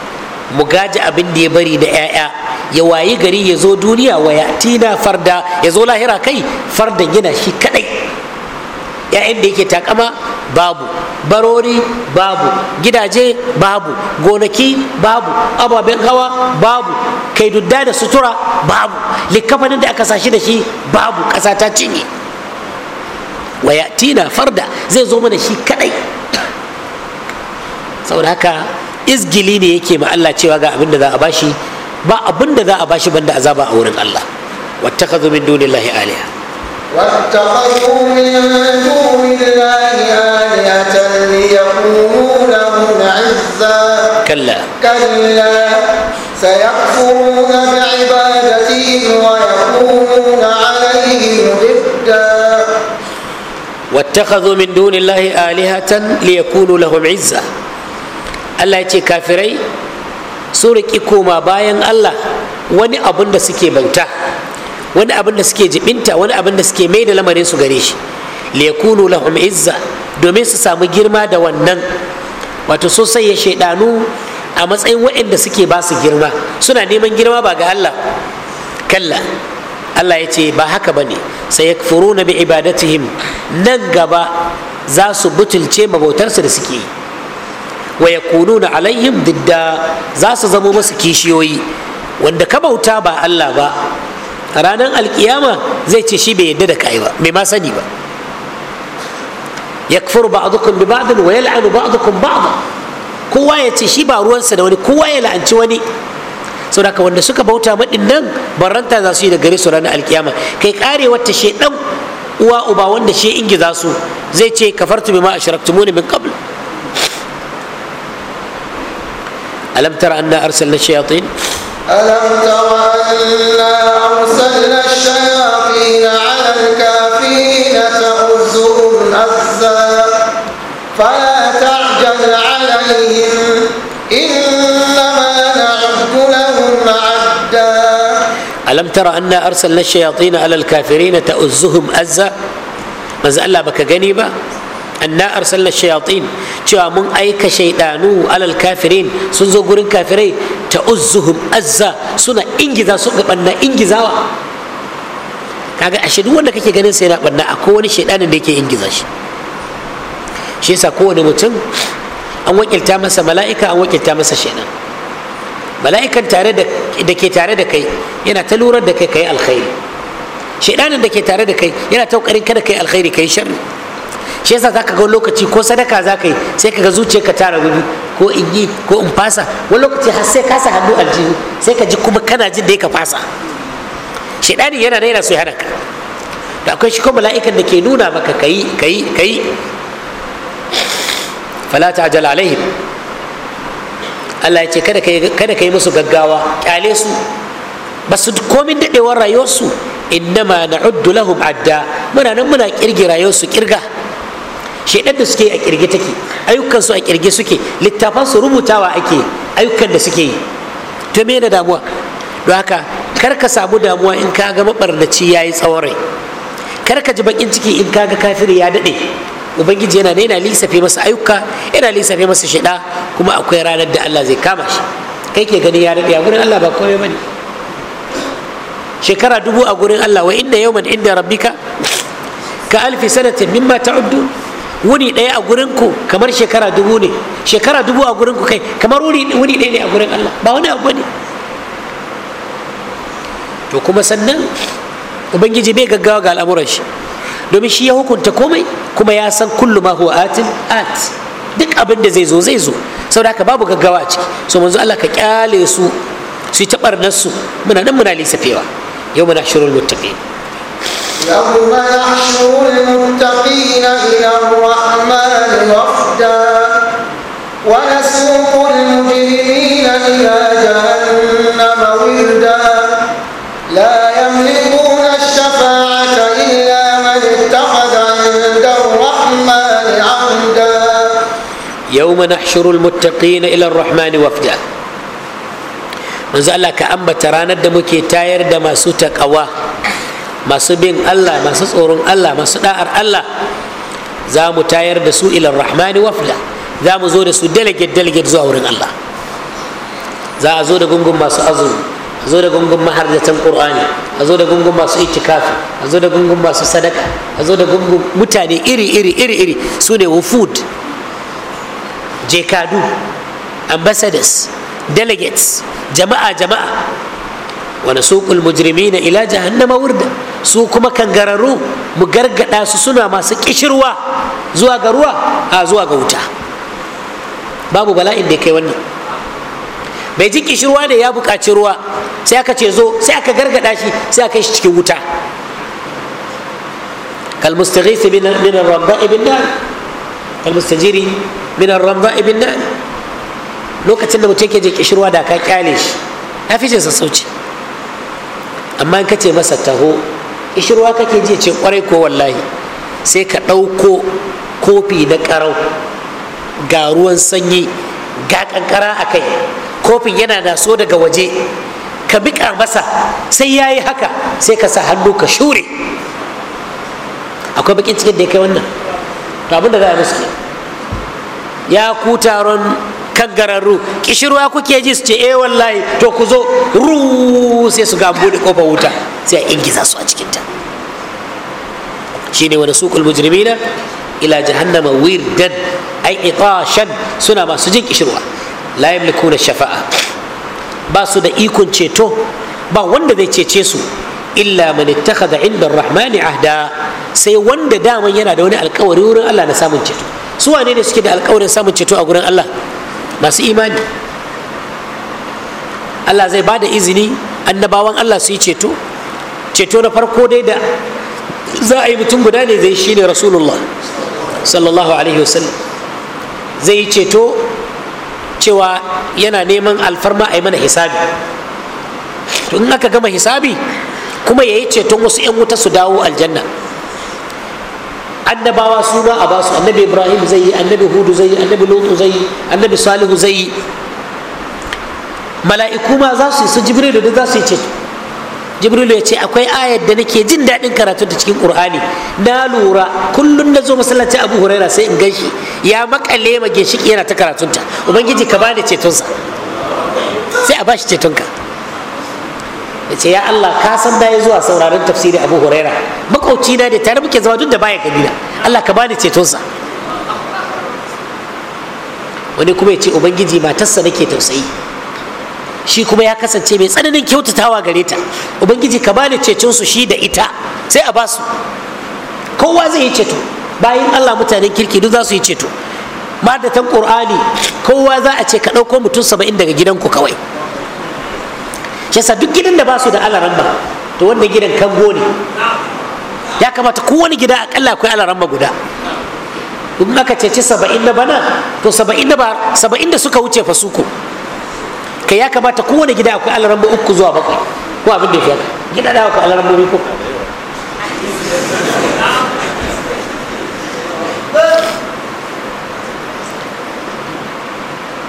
mu gaji abin da ya bari da 'ya'ya ya wayi gari ya zo duniya wa ya tina farda ya zo lahira kai fardan yana shi kadai 'ya'yan da yake takama babu barori babu gidaje babu gonaki babu ababen hawa babu kai dudda da sutura babu likafanin da aka sashi da shi babu ƙasa ta cinye wa ya tina farda zai zo mana shi kadai saboda haka izgili ne yake ma Allah cewa ga abin da za a bashi ba abin da za a bashi da azaba a wurin Allah wattakhadhu min dunillahi aliha wattakhadhu min dunillahi alihatan liyakunu lahum 'izza kalla kalla sayakfuruna bi'ibadatihim wa yakununa 'alayhim idda واتخذوا من دون الله آلهة ليكونوا لهم عزة allah ya ce kafirai su riƙi koma bayan allah wani abin da suke bauta wani abin da suke jibinta wani abin da suke mai da lamarin su gare shi liyakunu lahum izza domin su samu girma da wannan wato so sai ya shaidanu a matsayin waɗanda suke ba su girma suna neman girma ba ga Allah kalla Allah ya ce ba haka bane sai yakfuruna bi ibadatihim nan gaba za su butulce mabautarsu da suke yi wa yakununa alaihim didda za su zamo masu kishiyoyi wanda ka bauta ba Allah ba ranar alkiyama zai ce shi bai yadda da kai ba bai ma sani ba yakfur ba'dukum bi ba'din wa yal'anu ba'dukum ba'da kowa ya ce shi ba ruwansa da wani kowa ya la'anci wani saboda wanda suka bauta madin nan barranta za su yi da gare su ranar alkiyama kai kare wata shedan uwa uba wanda shi ingiza su zai ce kafartu bima ashraktumuni min qabl ألم تر أنا أرسلنا الشياطين ألم تر أنا أرسلنا الشياطين على الكافرين تؤزهم أزا فلا تعجل عليهم إنما نعد لهم عدا ألم تر أنا أرسلنا الشياطين على الكافرين تؤزهم أزا ما زال بك جنيبة anna arsalna shayatin cewa mun aika shaidanu alal kafirin sun zo gurin kafirai ta uzzuhum azza suna ingiza su ga banna ingizawa kaga ashe duk wanda kake ganin sai yana banna akwai wani shaidanin da yake ingiza shi shi yasa kowane mutum an wakilta masa mala'ika an wakilta masa shaidan mala'ikan tare da ke tare da kai yana ta lura da kai kai alkhairi shaidanin da ke tare da kai yana ta kokarin kada kai alkhairi kai sharri shi yasa zaka ga lokaci ko sadaka zaka yi sai kaga zuciyarka ta rabu ko in yi ko in fasa wani lokaci har sai ka sa hannu aljihu sai ka ji kuma kana jin da ya ka fasa shaidani yana naira so ya ka da akwai shi ko mala'ikan da ke nuna maka kayi kayi kayi fala ta'jal alaihim Allah ya ce kada kai kada kai musu gaggawa kyale su ba su komin dadewar rayuwarsu innama na'uddu lahum adda muna nan muna kirgira rayuwarsu kirga shedar da suke a kirge take ayyukan su a kirge suke littafan su rubutawa ake ayyukan da suke yi to me da damuwa don haka kar ka samu damuwa in ka ga mabarnaci yayi tsawon rai kar ka ji bakin ciki in ka ga kafiri ya dade ubangiji yana yana lissafe masa ayyuka yana lissafe masa shida kuma akwai ranar da Allah zai kama shi kai ke gani ya dade a gurin Allah ba komai bane shekara dubu a gurin Allah wa inna yawman inda rabbika ka alfi sanatin mimma ta'uddu wuni ɗaya a gurinku kamar shekara dubu ne shekara dubu a gurinku kai kamar wuni ɗaya ne a gurin Allah ba wani abu ne to kuma sannan ubangiji bai gaggawa ga al'amuran shi domin shi ya hukunta komai kuma ya san kullu ma huwa atin at duk abin da zai zo zai zo saboda haka babu gaggawa a ciki so manzo Allah ka kyale su su yi taɓarnar su muna nan muna lissafewa, yau muna shirul muttaqin يوم يحشر المتقين إلى الرحمن وفدا ونسوق المجرمين إلى جهنم وردا لا يملكون الشفاعة إلا من اتخذ عند الرحمن عهدا يوم نحشر المتقين إلى الرحمن وفدا manzo Allah ka ambata ranar da muke tayar da masu takawa masu bin Allah masu tsoron Allah masu da'ar Allah za mu tayar da su ilar rahmani wafda za mu zo da su delegate delegate zuwa wurin Allah za a zo da gungun masu azumi a zo da gungun maharjatan qur'ani a zo da gungun masu itikafi a zo da gungun masu sadaka a zo da gungun mutane iri iri iri iri su ne wufud jekadu ambassadors delegates jama'a jama'a wa nasuqul mujrimina ila jahannama wurda su kuma kangararru mu gargada su suna masu kishirwa zuwa ga ruwa a zuwa ga wuta babu bala'in da kai wannan bai ji kishirwa ne ya buƙaci ruwa sai aka ce zo sai aka gargada shi sai aka shi cikin wuta kalmustaghith min ar-ramda ibn nar kalmustajiri min ar-ramda ibn nar lokacin da mutum yake je kishirwa da ka kyale shi ya fi ce sassauci amma in ka ce masa taho ishirwa kake ji ce kwarai ko wallahi sai ka ɗauko kofi na ƙarau ga ruwan sanyi ga ƙanƙara a kai kofin yana da so daga waje ka biƙa masa sai ya yi haka sai ka sa hannu ka shure akwai bakin cikin da ya kai wannan to abin da za a ya ku taron kaggararru kishirwa kuke ji su ce eh wallahi to ku zo ru sai su ga bude kofar wuta sai a ingiza su a cikinta shine wani suqul mujrimina ila jahannama wirdan ay itashan suna masu jin kishirwa la yamlikuna shafa'a ba su da ikon ceto ba wanda zai cece su illa man ittakhadha inda ar-rahmani ahda sai wanda daman yana da wani alkawari wurin Allah na samun ceto su wane ne suke da alkawarin samun ceto a gurin Allah masu imani allah zai bada izini annabawan allah su yi ceto ceto na farko dai da za a yi mutum guda ne zai shi ne rasulullah sallallahu alaihi wasallam zai yi ceto cewa yana neman alfarma a yi mana hisabi to in aka gama hisabi kuma ya yi ceton wasu 'yan wuta su dawo aljanna annabawa su a basu annabi ibrahim zai yi annabi hudu zai yi annabi lutu zai yi annabi salihu zai yi mala'iku ma za su yi su jibrilu duk za su yi ceto jibrilu ya ce akwai ayar da nake jin daɗin karatu ta cikin ƙur'ani na lura kullum na zo masallacin abu huraira sai in ganshi ya makale ma ginshiki yana ta karatunta ubangiji ka bani cetonsa sai a bashi cetonka ya ce ya Allah ka san da ya zuwa sauraron tafsirin Abu Huraira makauci na da tare muke zama duk da baya kabila Allah ka bani cetonsa wani kuma ya ce ubangiji matarsa nake tausayi shi kuma ya kasance mai tsananin kyautatawa gare ta ubangiji ka bani cetonsu shi da ita sai a basu kowa zai yi ceto bayan Allah mutanen kirki duk za su yi ceto madatan qur'ani kowa za a ce ka ɗauko mutum saba'in daga gidanku kawai yasa duk gidan da ba su da alaramba to wanda gidan kango ne ya kamata kowane gida akalla akwai alaramba guda in aka ceci saba'in na bana to saba'in da ba da suka wuce fa suko kai ya kamata kowane gida akwai alaramba uku zuwa bakwai ko abin da ya fi gida da akwai alaramba uku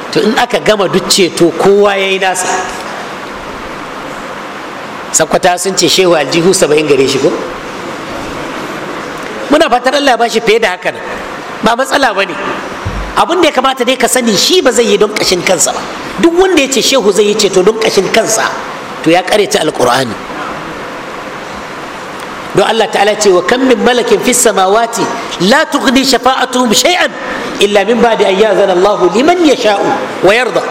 to in aka gama duk ceto kowa ya yi nasa sakwata sun ce shehu aljihu saba'in gare shi ko muna fatar allah ba shi fiye da haka ba matsala ba ne abin da ya kamata dai ka sani shi ba zai yi don ƙashin kansa ba duk wanda ya ce shehu zai yi ceto don kashin kansa to ya ta alkur'ani don allah ta'ala ce wa kan min malakin fis samawati la tughni shafa'atuhum shay'an illa min ba'di an ya'zana allah liman yasha'u wa yarda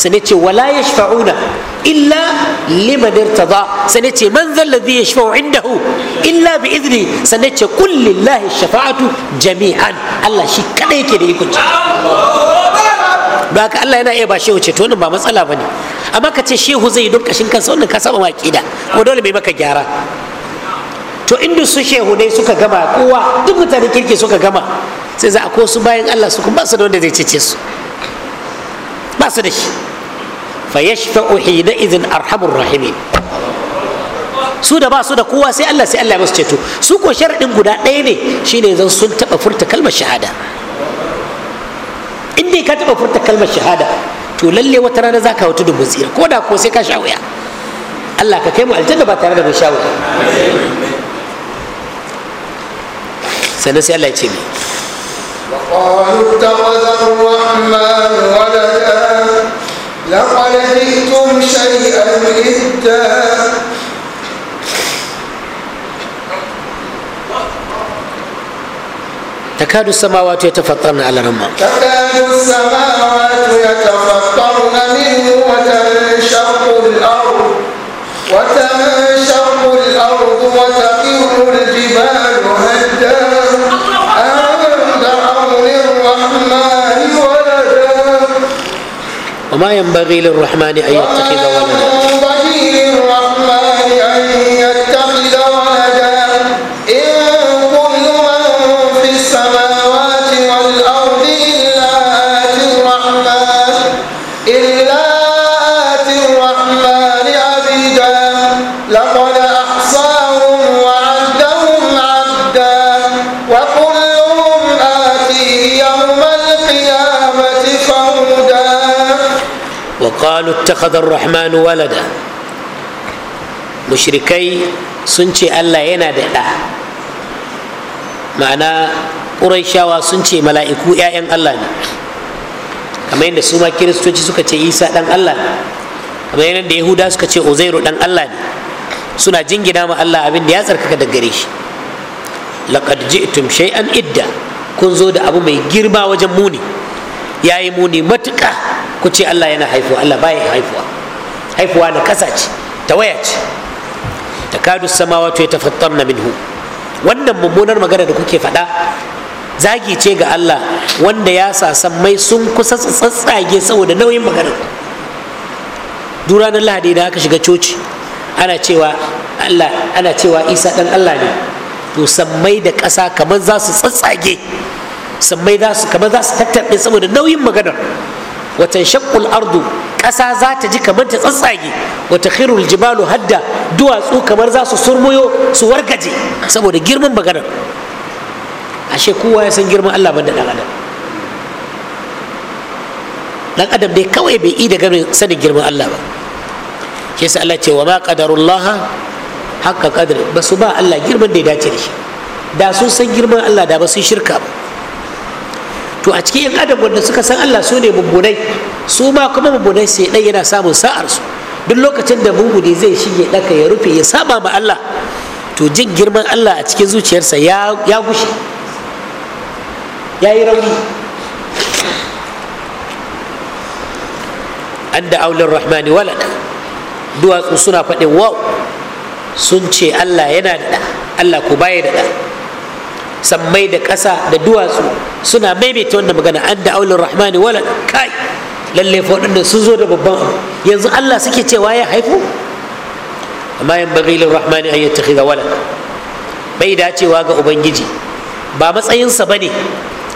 sai ce wala yashfa'una illa liman irtada sai ce man zal ladhi inda hu. illa bi izini. sai ce kul shafa'atu jami'an Allah shi kada yake da iko don haka Allah yana iya ba shehu ce to wannan ba matsala ne. amma ka ce shehu zai yi don kashin kansa wannan ka saba ma kida ko dole bai maka gyara to inda su shehu dai suka gama kowa duk mutane kirki suka gama sai za a ko su bayan Allah su kuma ba su da wanda zai cece su ba su da shi fayashfa'u hina idhin arhamur rahimin su da ba su da kowa sai Allah sai Allah ya musu ceto su ko sharadin guda ɗaya ne shine zan sun taɓa furta kalmar shahada in dai ka taɓa furta kalmar shahada to lalle wata rana za zaka wata dubu tsira ko da ko sai ka sha wuya Allah ka kai mu aljanna ba tare da mun sha wuya sannan sai Allah ya ce mi وقالوا اتخذ الرحمن ولدا لقد جئتم شيئا إدا تكاد السماوات يتفطرن على رمى تكاد السماوات يتفطرن منه وتنشق الأرض وتنشق الأرض وتقر الجبال هدا أن دعوا للرحمن وما ينبغي للرحمن أن يتخذ ولدا qalu ittakhadha ar-rahman walada mushrikai sun ce Allah yana da ɗa ma'ana ƙuraishawa sun ce mala'iku 'ya'yan Allah ne kamar yadda su ma kiristoci suka ce isa ɗan Allah kamar yadda yahuda suka ce uzairu ɗan Allah ne suna jingina ma Allah abin da ya tsarkaka da gare shi laqad ji'tum shay'an idda kun zo da abu mai girma wajen muni yayi muni matuka. ku ce Allah yana haifuwa Allah baya haifuwa haifuwa na kasa ce tawaya ce ya tafattar na minhu wannan mummunar magana da kuke faɗa zagi ce ga Allah wanda ya sa sammai sun kusa tsatsage saboda nauyin maganar na lahadi da aka shiga coci ana cewa Allah ana cewa Isa dan Allah ne to sammai da ƙasa kamar za su tsatsage sammai za su kamar za su tattaɓe saboda nauyin maganar Watan tanshaqqul ardu ƙasa za ta ji kamar ta tsatsage wa takhirul jibalu hadda duwatsu kamar za su surmuyo su wargaje saboda girman maganar ashe kowa ya san girman Allah banda dan adam ɗan adam dai kawai bai yi da sanin girman Allah ba shi sa Allah ce wa ma haka haqqa ba su ba Allah girman da ya dace da shi da sun san girman Allah da ba sun shirka ba to a cikin yan adam wanda suka san Allah su ne mumbunai su ma kuma mumbunai sai dai yana samun sa'ar su duk lokacin da mumbuni zai shige daka ya rufe ya saba ma Allah to jin girman Allah a cikin zuciyarsa ya ya gushe ya yi rauni Anda aulur rahman rahmani duwatsu suna faɗin wow sun ce allah yana da allah ko baya da sammai da ƙasa da duwatsu suna maimaita wannan magana an da aulin rahmani wala kai lalle fa waɗanda sun zo da babban abu yanzu Allah suke cewa ya haifu amma yan bagi lil rahmani an yattakhidha wala bai dacewa ga ubangiji ba matsayinsa bane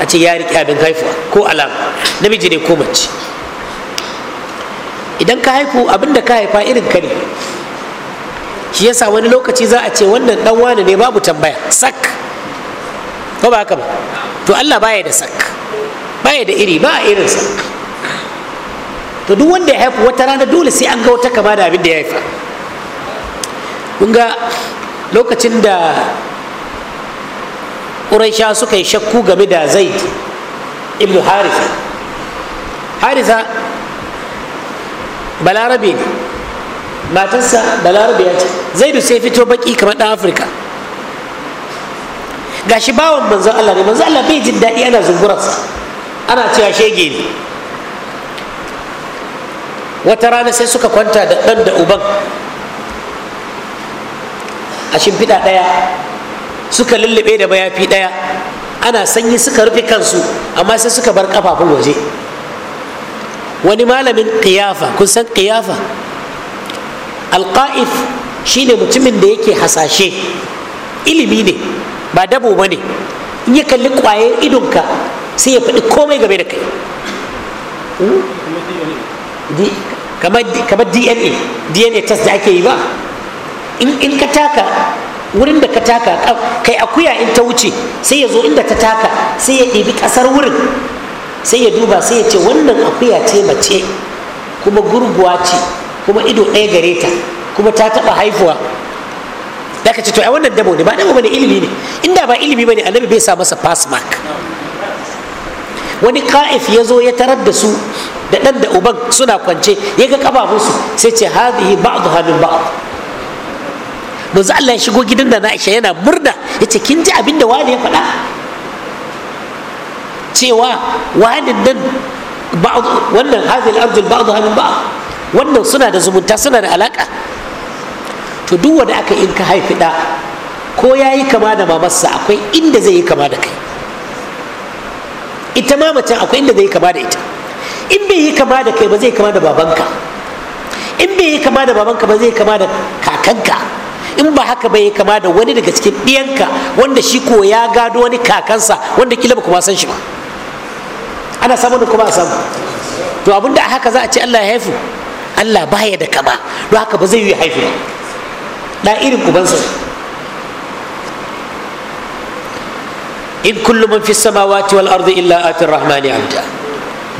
a ce ya riƙe abin haifuwa ko alama namiji ne ko mace idan ka haifu abin da ka haifa irin ka ne shi yasa wani lokaci za a ce wannan ɗan wane ne babu tambaya sak ko ba haka ba to Allah baya da sak baya da iri ba irin sak to duk wanda ya haifu wata rana dole sai an ga wata kama da abin da ya haifa kun ga lokacin da ƙuraisha suka yi shakku game da zaid ibn harisa harisa balarabe ne matarsa balarabe ya ce zaidu sai fito baki kamar ɗan afirka gashi bawan manzon Allah ne manzon Allah bai jin daɗi ana zungurarsa ana cewa shege ne wata rana sai suka kwanta da ɗan da uban a shimfiɗa ɗaya suka lullube da mayafi ɗaya ana sanyi suka rufe kansu amma sai suka bar kafafun waje wani malamin kiyafa kun san kiyafa alƙa'if shine mutumin da yake hasashe ilimi ne ba dabo ba ne in ya kalli ƙwayar idonka sai ya faɗi komai game da kai kamar dna dna test da ake yi ba in ka taka wurin da ka taka kai akuya in ta wuce sai ya zo inda ta taka sai ya ɗebi ƙasar wurin sai ya duba sai ya ce wannan akuya ce mace kuma gurguwa ce kuma ido ɗaya gare ta kuma ta taɓa haifuwa da ka ce to ai wannan dabo ne ba dabo bane ilimi ne inda ba ilimi bane annabi bai sa masa pass mark wani ka'if ya zo ya tarar da su da ɗan da uban suna kwance ya ga kafafunsu sai ce hadhihi ba'dha min ba'd manzo Allah ya shigo gidan da Aisha yana murna yace kin ji abin da wani ya faɗa cewa wani nan wannan hadhihi al-ardu ba'dha min ba'd wannan suna da zumunta suna da alaka to duk wanda aka in ka haifi ɗa ko ya yi kama da mamarsa akwai inda zai yi kama da kai ita mamacin akwai inda zai yi kama da ita in bai yi kama da kai ba zai kama da babanka in bai yi kama da babanka ba zai kama da kakanka in ba haka bai yi kama da wani daga cikin ɗiyanka wanda shi ko ya gado wani kakansa wanda kila ba kuma san shi ba ana samun da kuma a samu to abinda haka za a ce Allah ya haifu Allah baya da kama don haka ba zai yi haifu da irin ubansa in kullum man fi samawati wal ardi illa atir rahmani abda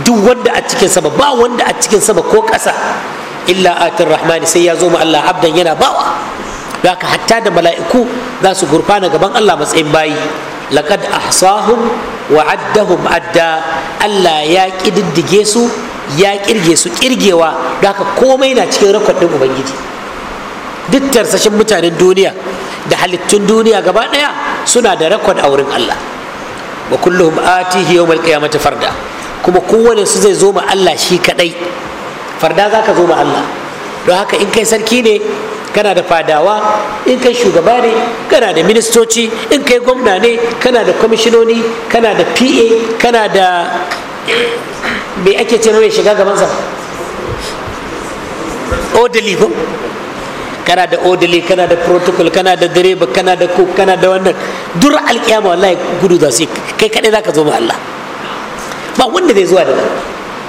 duk wanda a cikin sama ba wanda a cikin sama ko ƙasa illa atir rahmani sai ya zo ma Allah abdan yana bawa haka hatta da mala'iku za su gurfana gaban Allah matsayin bayi laqad ahsahum wa addahum adda Allah ya kididdige su ya kirge su kirgewa haka komai na cikin rakwadin ubangiji duk tarsashin mutanen duniya da halittun duniya gaba ɗaya suna da rakon a wurin Allah wa kulluhum atihi yawmal qiyamati farda kuma kowane su zai zo ma Allah shi kadai farda zaka zo ma Allah don haka in kai sarki ne kana da fadawa in kai shugaba ne kana da ministoci in kai gwamna ne kana da kwamishinoni kana da pa kana da me ake cewa shiga gabansa odali ko kana da odili kana da protocol kana da direba kana da cook kana da wannan duk alkiyama wallahi gudu za su yi kai kadai za ka zo ma Allah ba wanda zai zuwa da nan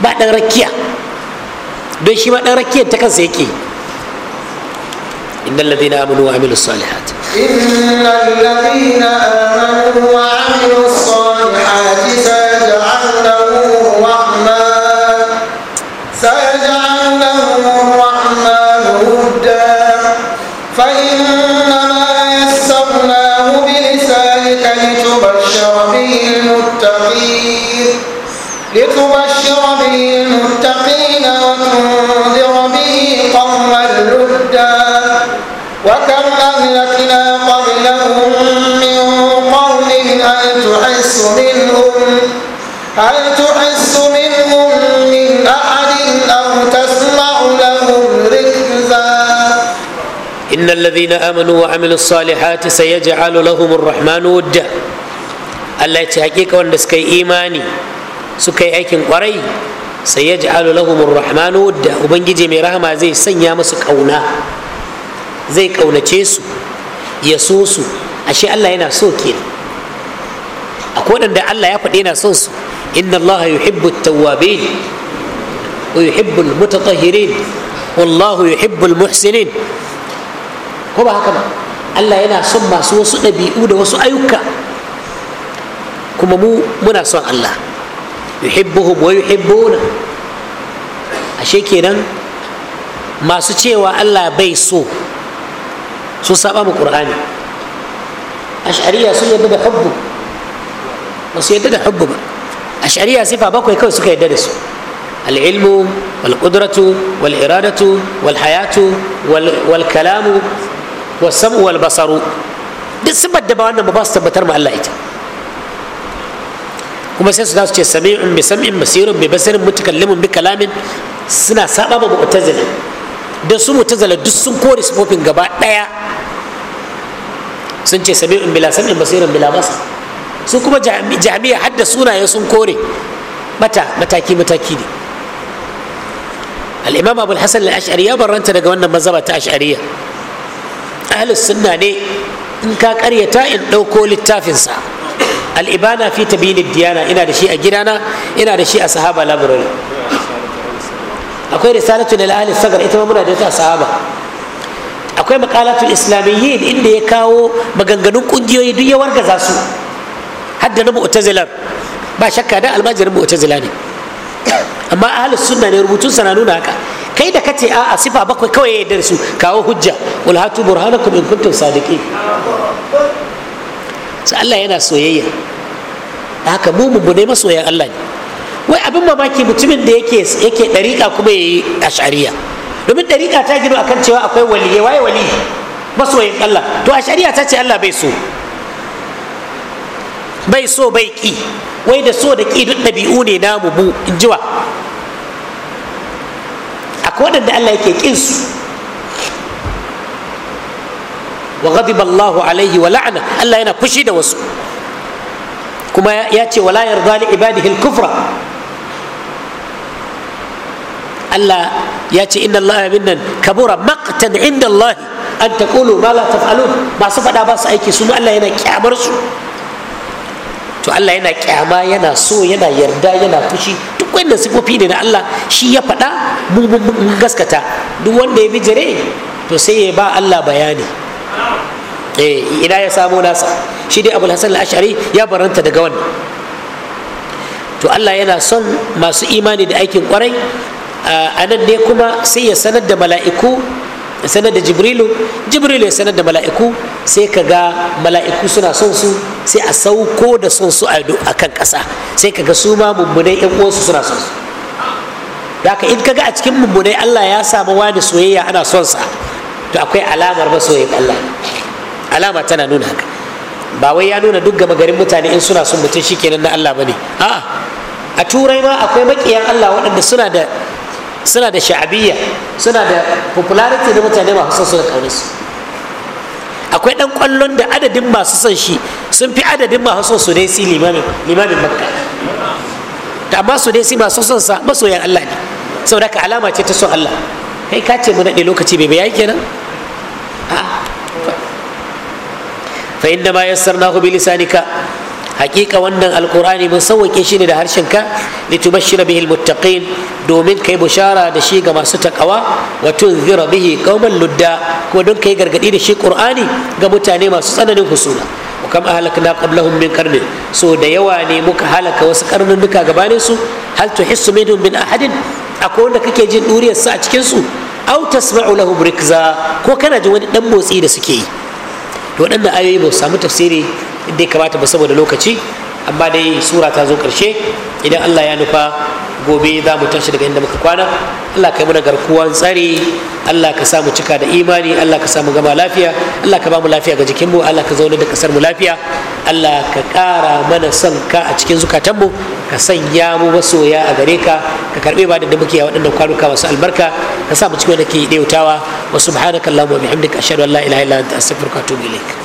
ba dan rakiya don shi ma dan rakiyar ta kansa yake إن الذين آمنوا وعملوا الصالحات إن الذين آمنوا وعملوا الصالحات ان الذين امنوا وعملوا الصالحات سيجعل لهم الرحمن ودا الله يتي حقيقه وند سكاي ايماني سكاي aikin kwarai سيجعل لهم الرحمن ودا ubangije mai rahama zai sanya masu kauna zai kaunace su ya so ashe Allah yana so kenan akwai wadanda Allah ya faɗi yana son su inna Allah yuhibbu at-tawwabin wa wallahu al muhsinin. والله يحب المحسنين ko ba haka ba Allah yana son masu wasu ɗabi'u da wasu ayyuka kuma mu muna son Allah yuhibbuhum wa yuhibbuna ashe kenan masu cewa Allah bai so sun saba mu Qur'ani ash'ariya sun yadda da hubbu ba su yadda da hubbu ba ash'ariya sifa bakwai kawai suka yadda da su العلم والقدرة والإرادة والحياة والكلام wasamu wal basaru duk sifar da ba wannan ba su tabbatar ma Allah ita kuma sai su za su ce sami'un bi sam'in basirun bi basirin mutakallimun bi kalamin suna saba mu'tazila da su mu'tazila duk sun kore sifofin gaba daya sun ce sami'un bila sam'in basirun bila basa. su kuma jami'a hadda sunaye sun kore mata mataki mataki ne al-imam abul hasan al-ash'ari ya daga wannan mazhaba ta ahlus sunna ne in ka karyata in ɗauko littafinsa al'ibana fi tabini diyana ina da shi a gidana ina da shi a sahaba library akwai risalatu da ahli sagar ita ma muna da ta sahaba akwai maqalatul islamiyyin inda ya kawo maganganun kungiyoyi duk ya za su hadda na mu'tazilar ba shakka da almajirin mu'tazila ne amma ahlus sunna ne rubutun sana nuna haka kai da kace a'a sifa bakwai kawai ya yarda su kawo hujja wal hatu burhanakum in kuntum sadiqin sai Allah yana soyayya haka mu mu ne masoyan Allah ne wai abin mamaki mutumin da yake yake dariƙa kuma yayi ash'ariya domin dariƙa ta gino akan cewa akwai waliyai waye wali masoyin Allah to ash'ariya ta ce Allah bai so bai so bai ki wai da so da ki duk ɗabi'u ne namu bu injiwa. akwai waɗanda Allah yake ƙin su wa ghadiba Allahu alaihi wa la'ana Allah yana fushi da wasu kuma ya ce wala yarda li ibadihi al-kufra Allah ya ce inna Allah minnan kabura maqtan inda Allah an taqulu ma la taf'alun masu faɗa ba su aiki su Allah yana kyamar su to Allah yana kyama yana so yana yarda yana fushi duk wanda sifofi ne na Allah shi ya faɗa mun gaskata duk wanda ya bijire to sai ya ba Allah bayani eh ina ya samo nasa shi dai Abul Hasan al-Ash'ari ya baranta daga wannan to Allah yana son masu imani da aikin kwarai ah, a nan ne kuma sai ya sanar da mala'iku sanar da jibrilu jibrilu ya sanar da mala'iku sai ka ga mala'iku suna son su sai a sauko da son su a kan ƙasa sai ka ga su ma mummunai yan uwansu suna son su ka in ka ga a cikin mummunai Allah ya samu wani soyayya ana son sa to akwai alamar masoyin Allah alama tana nuna haka ba wai ya nuna duk gama garin mutane in suna son mutum shikenan na Allah bane a'a a turai ma akwai makiyan Allah waɗanda suna da suna da sha'abiyya suna da popularity da mutane masu son su da kaune su akwai dan kwallon da adadin masu son shi sun fi adadin masu son su dai si limamin limamin makka amma su dai si masu son sa masoyan Allah ne saboda ka alama ce ta son Allah kai ka ce mu daɗe lokaci bai yayi kenan fa inda ma yassarnahu bi lisanika hakika wannan alkur'ani mun sauwake shi ne da harshen ka litubashshira bihi almuttaqin domin kai bushara da shi ga masu takawa wa tunzira bihi qauman ludda ko don kai gargadi da shi qur'ani ga mutane masu tsananin husuma wa kam ahlakna qablahum min qarnin so da yawa ne muka halaka wasu karnin gabaninsu? gabanin su hal tuhissu minhum min ahadin akwai wanda kake jin duriyar su a cikin su aw tasma'u lahum rikza ko kana jin wani dan motsi da suke yi waɗannan ayoyi ba su samu tafsiri dai kamata ba saboda lokaci amma dai sura ta zo karshe idan allah ya nufa gobe za mu tashi daga inda muka kwana allah ka yi mana garkuwan tsari allah ka samu cika da imani allah ka samu gama lafiya allah ka ba mu lafiya ga jikinmu allah ka zauna da kasar mu lafiya allah ka ƙara mana son ka a cikin zukatanmu ka sanya mu masoya a gare ka ka karɓe ba da muke a waɗannan kwanuka masu albarka ka sa mu cikin wanda ke dautawa wa subhanakallahumma wa bihamdika ashhadu an la ilaha illa anta astaghfiruka wa atubu ilayk